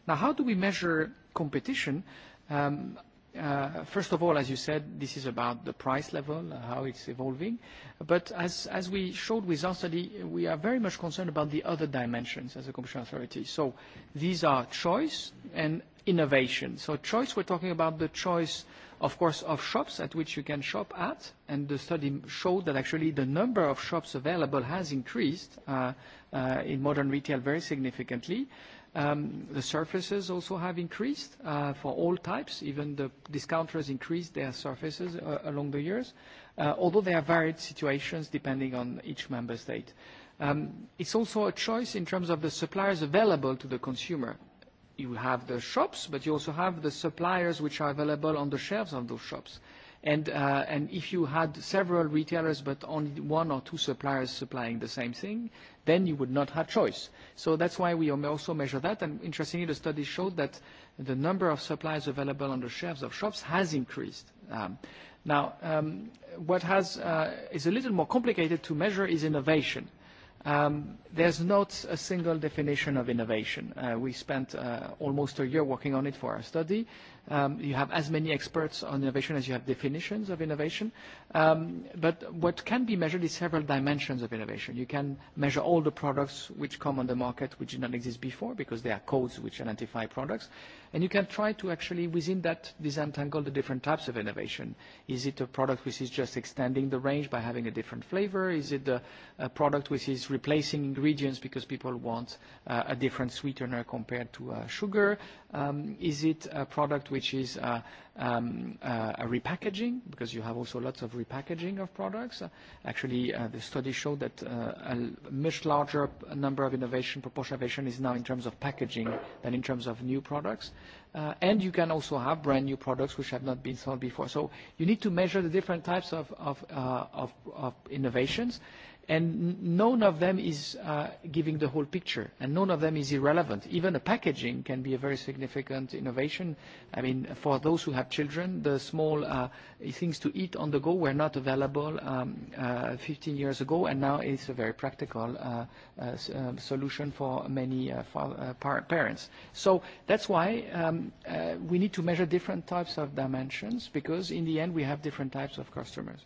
Now, how do we measure competition? Um, Uh, first of all, as you said, this is about the price level, uh, how it's evolving. But as, as we showed with our study, we are very much concerned about the other dimensions as a competition authority. So these are choice and innovation. So choice, we're talking about the choice, of course, of shops at which you can shop at, and the study showed that actually the number of shops available has increased uh, uh in modern retail very significantly. Um, the surfaces also have increased uh, for all types. Even the discounters increased their surfaces uh, along the years, uh, although there are varied situations depending on each member state. Um, it's also a choice in terms of the suppliers available to the consumer. You have the shops, but you also have the suppliers which are available on the shelves of those shops. And, uh, and if you had several retailers but only one or two suppliers supplying the same thing, then you would not have choice. So that's why we also measure that. And interestingly, the study showed that the number of suppliers available on the shelves of shops has increased. Um, now, um, what has, uh, is a little more complicated to measure is innovation. Um, there's not a single definition of innovation. Uh, we spent uh, almost a year working on it for our study. Um, you have as many experts on innovation as you have definitions of innovation. Um, but what can be measured is several dimensions of innovation. You can measure all the products which come on the market which did not exist before because there are codes which identify products. And you can try to actually, within that, disentangle the different types of innovation. Is it a product which is just extending the range by having a different flavor? Is it a, a product which is replacing ingredients because people want uh, a different sweetener compared to uh, sugar? Um, is it a product which is uh, um, uh, repackaging, because you have also lots of repackaging of products. Uh, actually, uh, the study showed that uh, a much larger number of innovation, proportion of innovation is now in terms of packaging than in terms of new products. Uh, and you can also have brand new products which have not been sold before. So you need to measure the different types of, of, uh, of, of innovations and none of them is uh, giving the whole picture, and none of them is irrelevant. Even a packaging can be a very significant innovation. I mean, for those who have children, the small uh, things to eat on the go were not available um, uh, 15 years ago, and now it's a very practical uh, uh, uh solution for many uh, for, uh, par parents. So that's why um, uh, we need to measure different types of dimensions, because in the end we have different types of customers.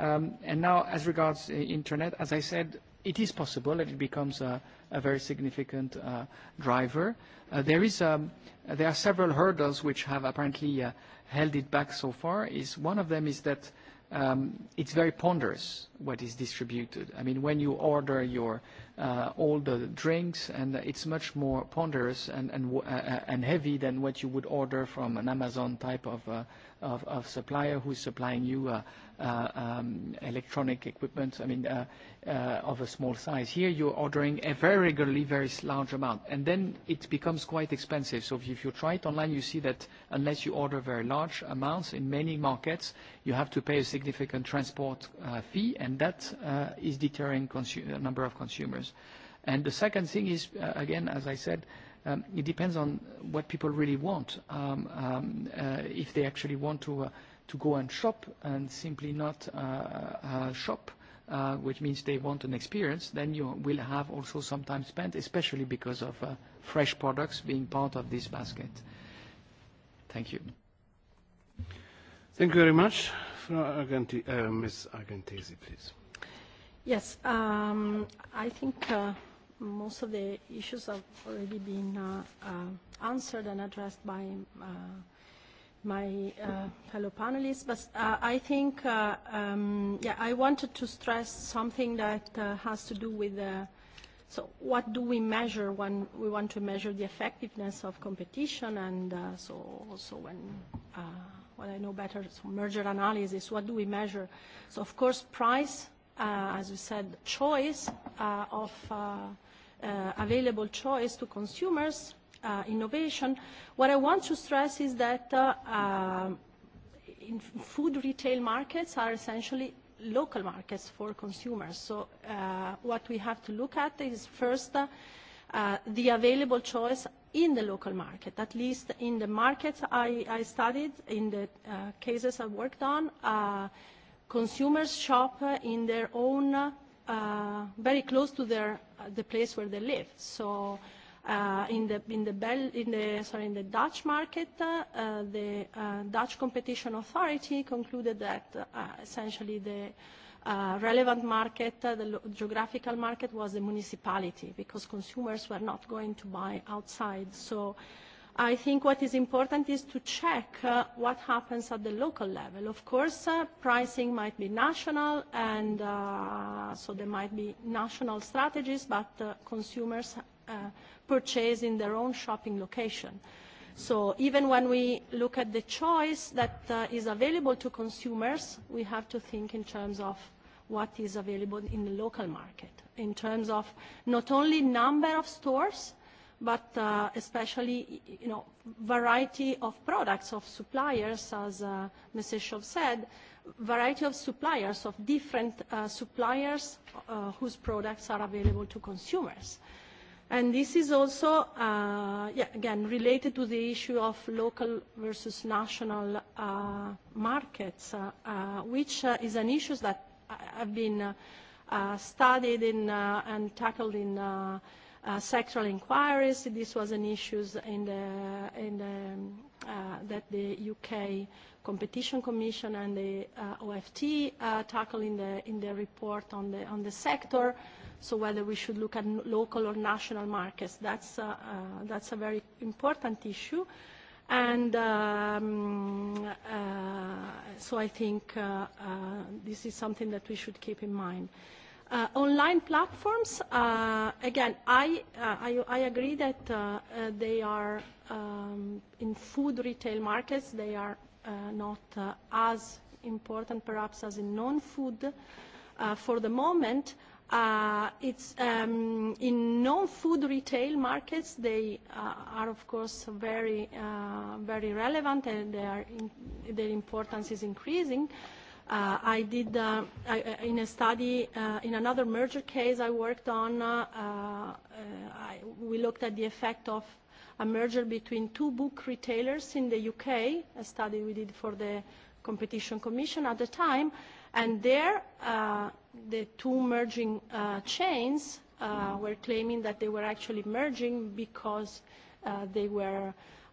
Um, and now, as regards the uh, internet, as I said, it is possible that it becomes a, a very significant uh, driver. Uh, there, is, um, there are several hurdles which have apparently uh, held it back so far. Is one of them is that um, it's very ponderous what is distributed. I mean, when you order your uh, all the drinks, and it's much more ponderous and, and, uh, uh, and heavy than what you would order from an Amazon type of, uh, of, of supplier who's supplying you uh, uh, um, electronic equipment, I mean, uh, uh, of a small size. Here you're ordering a very regularly very large amount, and then it becomes quite expensive. So if you try it online, you see that unless you order very large amounts in many markets, you have to pay a significant transport uh, fee, and that uh, is deterring a number of consumers customers. And the second thing is, uh, again, as I said, um, it depends on what people really want. Um, um, uh, if they actually want uh, to, go and shop and simply not uh, shop, uh, which means they want an experience, then you will have also some time spent, especially because of uh, fresh products being part of this basket. Thank you. Thank you very much. Ms. Argentesi, please. Yes, um, I think uh, most of the issues have already been uh, uh, answered and addressed by uh, my uh, fellow panelists, but uh, I think uh, um, yeah, I wanted to stress something that uh, has to do with uh, so what do we measure when we want to measure the effectiveness of competition and uh, so also when uh, what I know better, so merger analysis, what do we measure? So of course price uh, as we said, choice uh, of uh, uh, available choice to consumers, uh, innovation. What I want to stress is that uh, uh, in food retail markets are essentially local markets for consumers. So uh, what we have to look at is first uh, uh the available choice in the local market, at least in the markets I, I studied, in the uh, cases I worked on, uh, consumers shop in their own, uh, very close to their, uh, the place where they live. So uh, in, the, in, the Bel- in, the, sorry, in the Dutch market, uh, uh, the uh, Dutch Competition Authority concluded that uh, essentially the uh, relevant market, uh, the geographical market was the municipality because consumers were not going to buy outside. So i think what is important is to check uh, what happens at the local level. Of course, uh, pricing might be national, and uh, so there might be national strategies, but uh, consumers uh, purchase in their own shopping location. So even when we look at the choice that uh, is available to consumers, we have to think in terms of what is available in the local market, in terms of not only number of stores, but uh, especially you know, variety of products of suppliers, as uh, Mrs. Shov said, variety of suppliers, of different uh, suppliers uh, whose products are available to consumers. And this is also, uh, yeah, again, related to the issue of local versus national uh, markets, uh, uh, which uh, is an issue that uh, have been uh, uh, studied in, uh, and tackled in uh, uh, sectoral inquiries. This was an issue in the, in the, um, uh, that the UK Competition Commission and the uh, OFT uh, tackle in the, in the report on the, on the sector. So whether we should look at local or national markets, that's, uh, uh, that's a very important issue. And um, uh, so I think uh, uh, this is something that we should keep in mind. Uh, Uh, online platforms, uh, again, I, uh, I, I agree that uh, uh, they are um, in food retail markets, they are uh, not uh, as important perhaps as in non-food. Uh, for the moment, uh, it's um, in non-food retail markets, they uh, are of course very, uh, very relevant and their, in, their importance is increasing. Uh, Uh, I did uh, I, in a study uh, in another merger case I worked on. Uh, uh, I, we looked at the effect of a merger between two book retailers in the UK, a study we did for the Competition Commission at the time, and there uh, the two merging uh, chains uh, were claiming that they were actually merging because uh, they were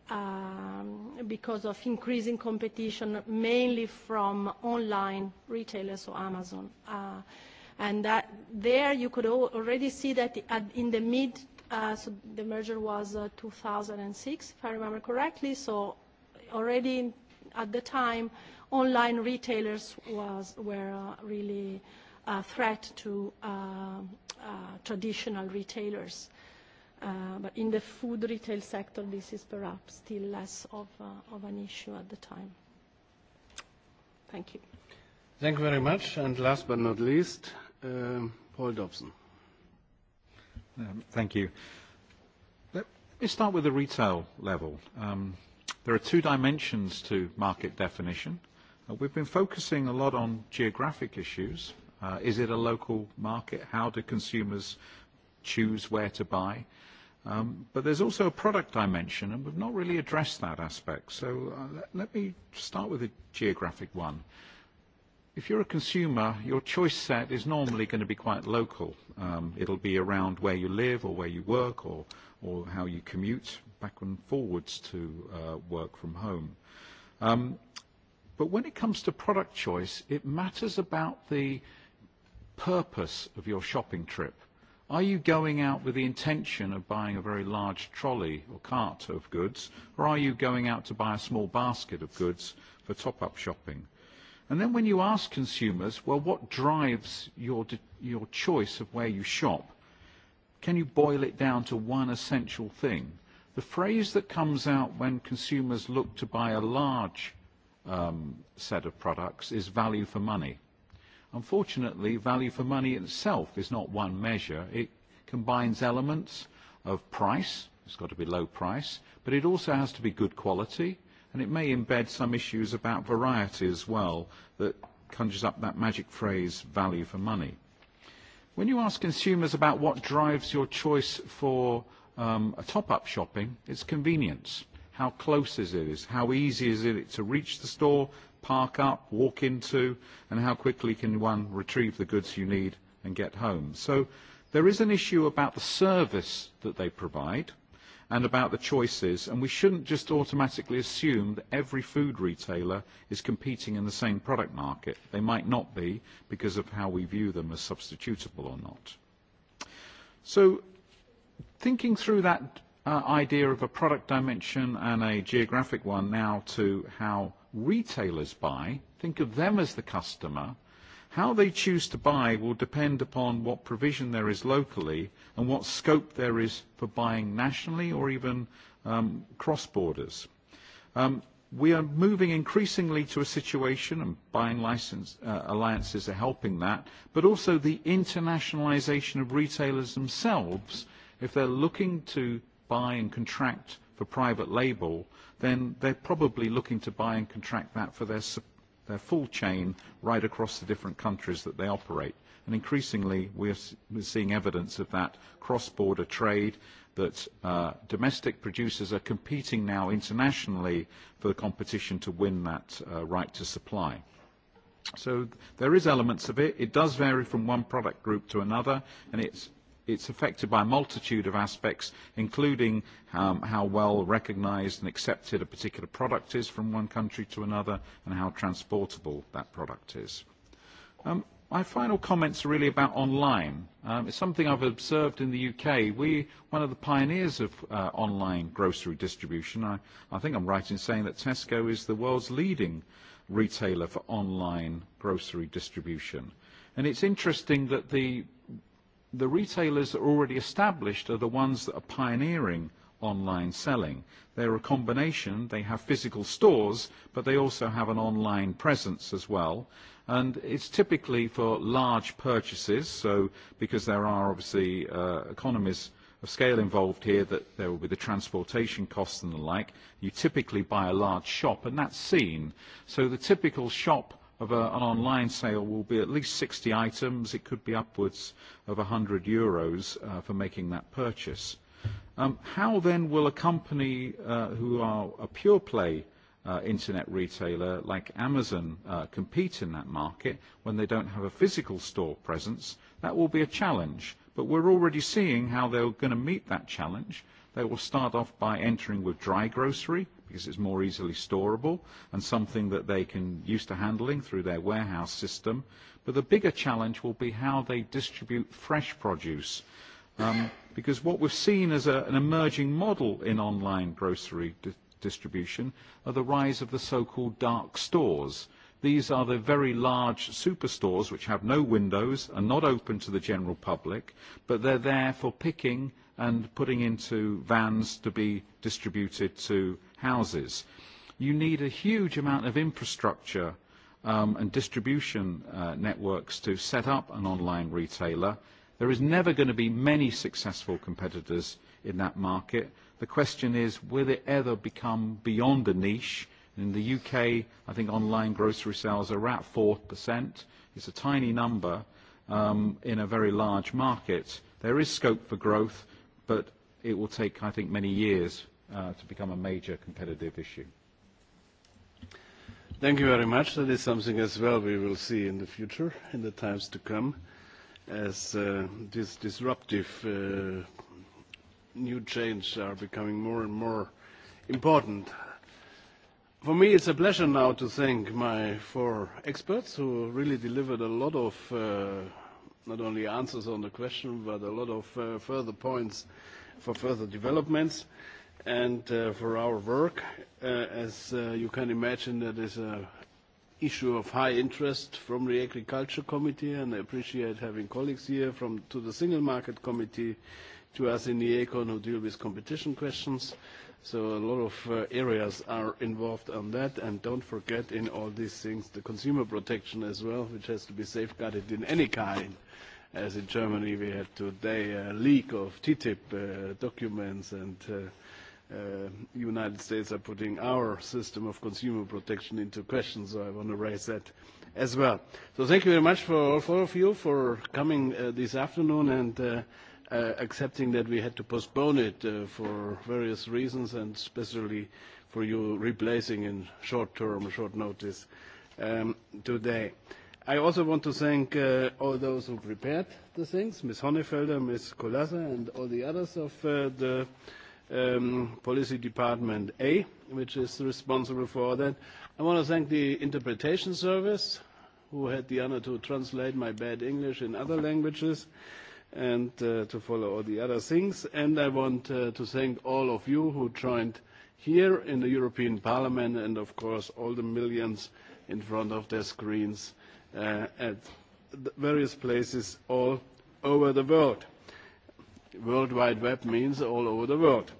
um, because of increasing competition, mainly from online retailers, so Amazon. Uh, and that there you could already see that at, in the mid, uh, so the merger was uh, 2006, if I remember correctly, so already at the time, online retailers was, were uh, really a threat to uh, uh, traditional retailers. Uh, but in the food retail sector, this is perhaps still less of, uh, of an issue at the time. Thank you. Thank you very much. And last but not least, um, Paul Dobson. Um, thank you. Let me start with the retail level. Um, there are two dimensions to market definition. Uh, we've been focusing a lot on geographic issues. Uh, is it a local market? How do consumers choose where to buy? Um, but there's also a product dimension, and we've not really addressed that aspect. So uh, let, let me start with a geographic one. If you're a consumer, your choice set is normally going to be quite local. Um, it'll be around where you live or where you work or, or how you commute back and forwards to uh, work from home. Um, but when it comes to product choice, it matters about the purpose of your shopping trip Are you going out with the intention of buying a very large trolley or cart of goods, or are you going out to buy a small basket of goods for top-up shopping? And then when you ask consumers, well, what drives your, your choice of where you shop, can you boil it down to one essential thing? The phrase that comes out when consumers look to buy a large um, set of products is value for money. Unfortunately, value for money itself is not one measure. It combines elements of price, it's got to be low price, but it also has to be good quality, and it may embed some issues about variety as well that conjures up that magic phrase, value for money. When you ask consumers about what drives your choice for um, a top-up shopping, it's convenience. How close is it? how easy is it to reach the store park up, walk into, and how quickly can one retrieve the goods you need and get home. So there is an issue about the service that they provide and about the choices, and we shouldn't just automatically assume that every food retailer is competing in the same product market. They might not be because of how we view them as substitutable or not. So thinking through that uh, idea of a product dimension and a geographic one now to how retailers buy, think of them as the customer. How they choose to buy will depend upon what provision there is locally and what scope there is for buying nationally or even um, cross borders. Um, we are moving increasingly to a situation, and buying license uh, alliances are helping that, but also the internationalisation of retailers themselves. If they're looking to buy and contract for private label, then they're probably looking to buy and contract that for their, their full chain right across the different countries that they operate. And increasingly, we're, are seeing evidence of that cross-border trade, that uh, domestic producers are competing now internationally for the competition to win that uh, right to supply. So there is elements of it. It does vary from one product group to another, and it's it's affected by a multitude of aspects, including um, how well recognised and accepted a particular product is from one country to another and how transportable that product is. Um, my final comments are really about online. Um, it's something I've observed in the UK. We, one of the pioneers of uh, online grocery distribution, I, I think I'm right in saying that Tesco is the world's leading retailer for online grocery distribution. And it's interesting that the the retailers that are already established are the ones that are pioneering online selling. They're a combination. They have physical stores, but they also have an online presence as well. And it's typically for large purchases, so because there are obviously uh, economies of scale involved here that there will be the transportation costs and the like. You typically buy a large shop, and that's seen. So the typical shop of a, an online sale will be at least 60 items. It could be upwards of 100 euros uh, for making that purchase. Um, how then will a company uh, who are a pure play uh, internet retailer like Amazon uh, compete in that market when they don't have a physical store presence? That will be a challenge. But we're already seeing how they're going to meet that challenge. They will start off by entering with dry grocery because it's more easily storable and something that they can use to handling through their warehouse system. But the bigger challenge will be how they distribute fresh produce. Um, because what we've seen as a, an emerging model in online grocery di distribution are the rise of the so-called dark stores. These are the very large superstores which have no windows and not open to the general public, but they're there for picking and putting into vans to be distributed to houses. You need a huge amount of infrastructure um, and distribution uh, networks to set up an online retailer. There is never going to be many successful competitors in that market. The question is, will it ever become beyond a niche? In the U.K., I think online grocery sales are at 4%. It's a tiny number um, in a very large market. There is scope for growth, but it will take, I think, many years Uh, to become a major competitive issue. Thank you very much. That is something as well we will see in the future, in the times to come, as uh, these disruptive uh, new change are becoming more and more important. For me, it's a pleasure now to thank my four experts who really delivered a lot of uh, not only answers on the question, but a lot of uh, further points for further developments and uh, for our work. Uh, as uh, you can imagine, that is an issue of high interest from the Agriculture Committee, and I appreciate having colleagues here from to the Single Market Committee, to us in the ECON who deal with competition questions. So a lot of uh, areas are involved on that, and don't forget in all these things the consumer protection as well, which has to be safeguarded in any kind as in Germany we had today a leak of TTIP uh, documents and uh, uh, United States are putting our system of consumer protection into question, so I want to raise that as well. So thank you very much for all four of you for coming uh, this afternoon and uh, uh, accepting that we had to postpone it uh, for various reasons and especially for you replacing in short term, short notice um, today. I also want to thank uh, all those who prepared the things, Ms. Honefelder, Ms. Kolasa, and all the others of uh, the um, Policy Department A, which is responsible for that. I want to thank the interpretation service, who had the honor to translate my bad English in other languages and uh, to follow all the other things. And I want uh, to thank all of you who joined here in the European Parliament and, of course, all the millions in front of their screens uh, at various places all over the world. World Wide Web means all over the world.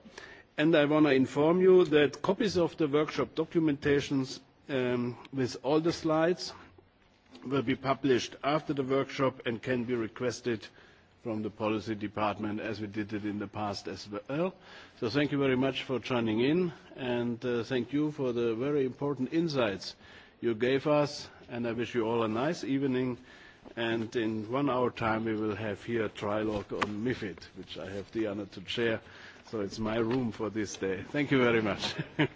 And I want to inform you that copies of the workshop documentations um, with all the slides will be published after the workshop and can be requested from the policy department as we did it in the past as well. So thank you very much for joining in and uh, thank you for the very important insights you gave us and I wish you all a nice evening and in one hour time we will have here a trilogue on MIFID, which I have the honor to chair. So it's my room for this day. Thank you very much.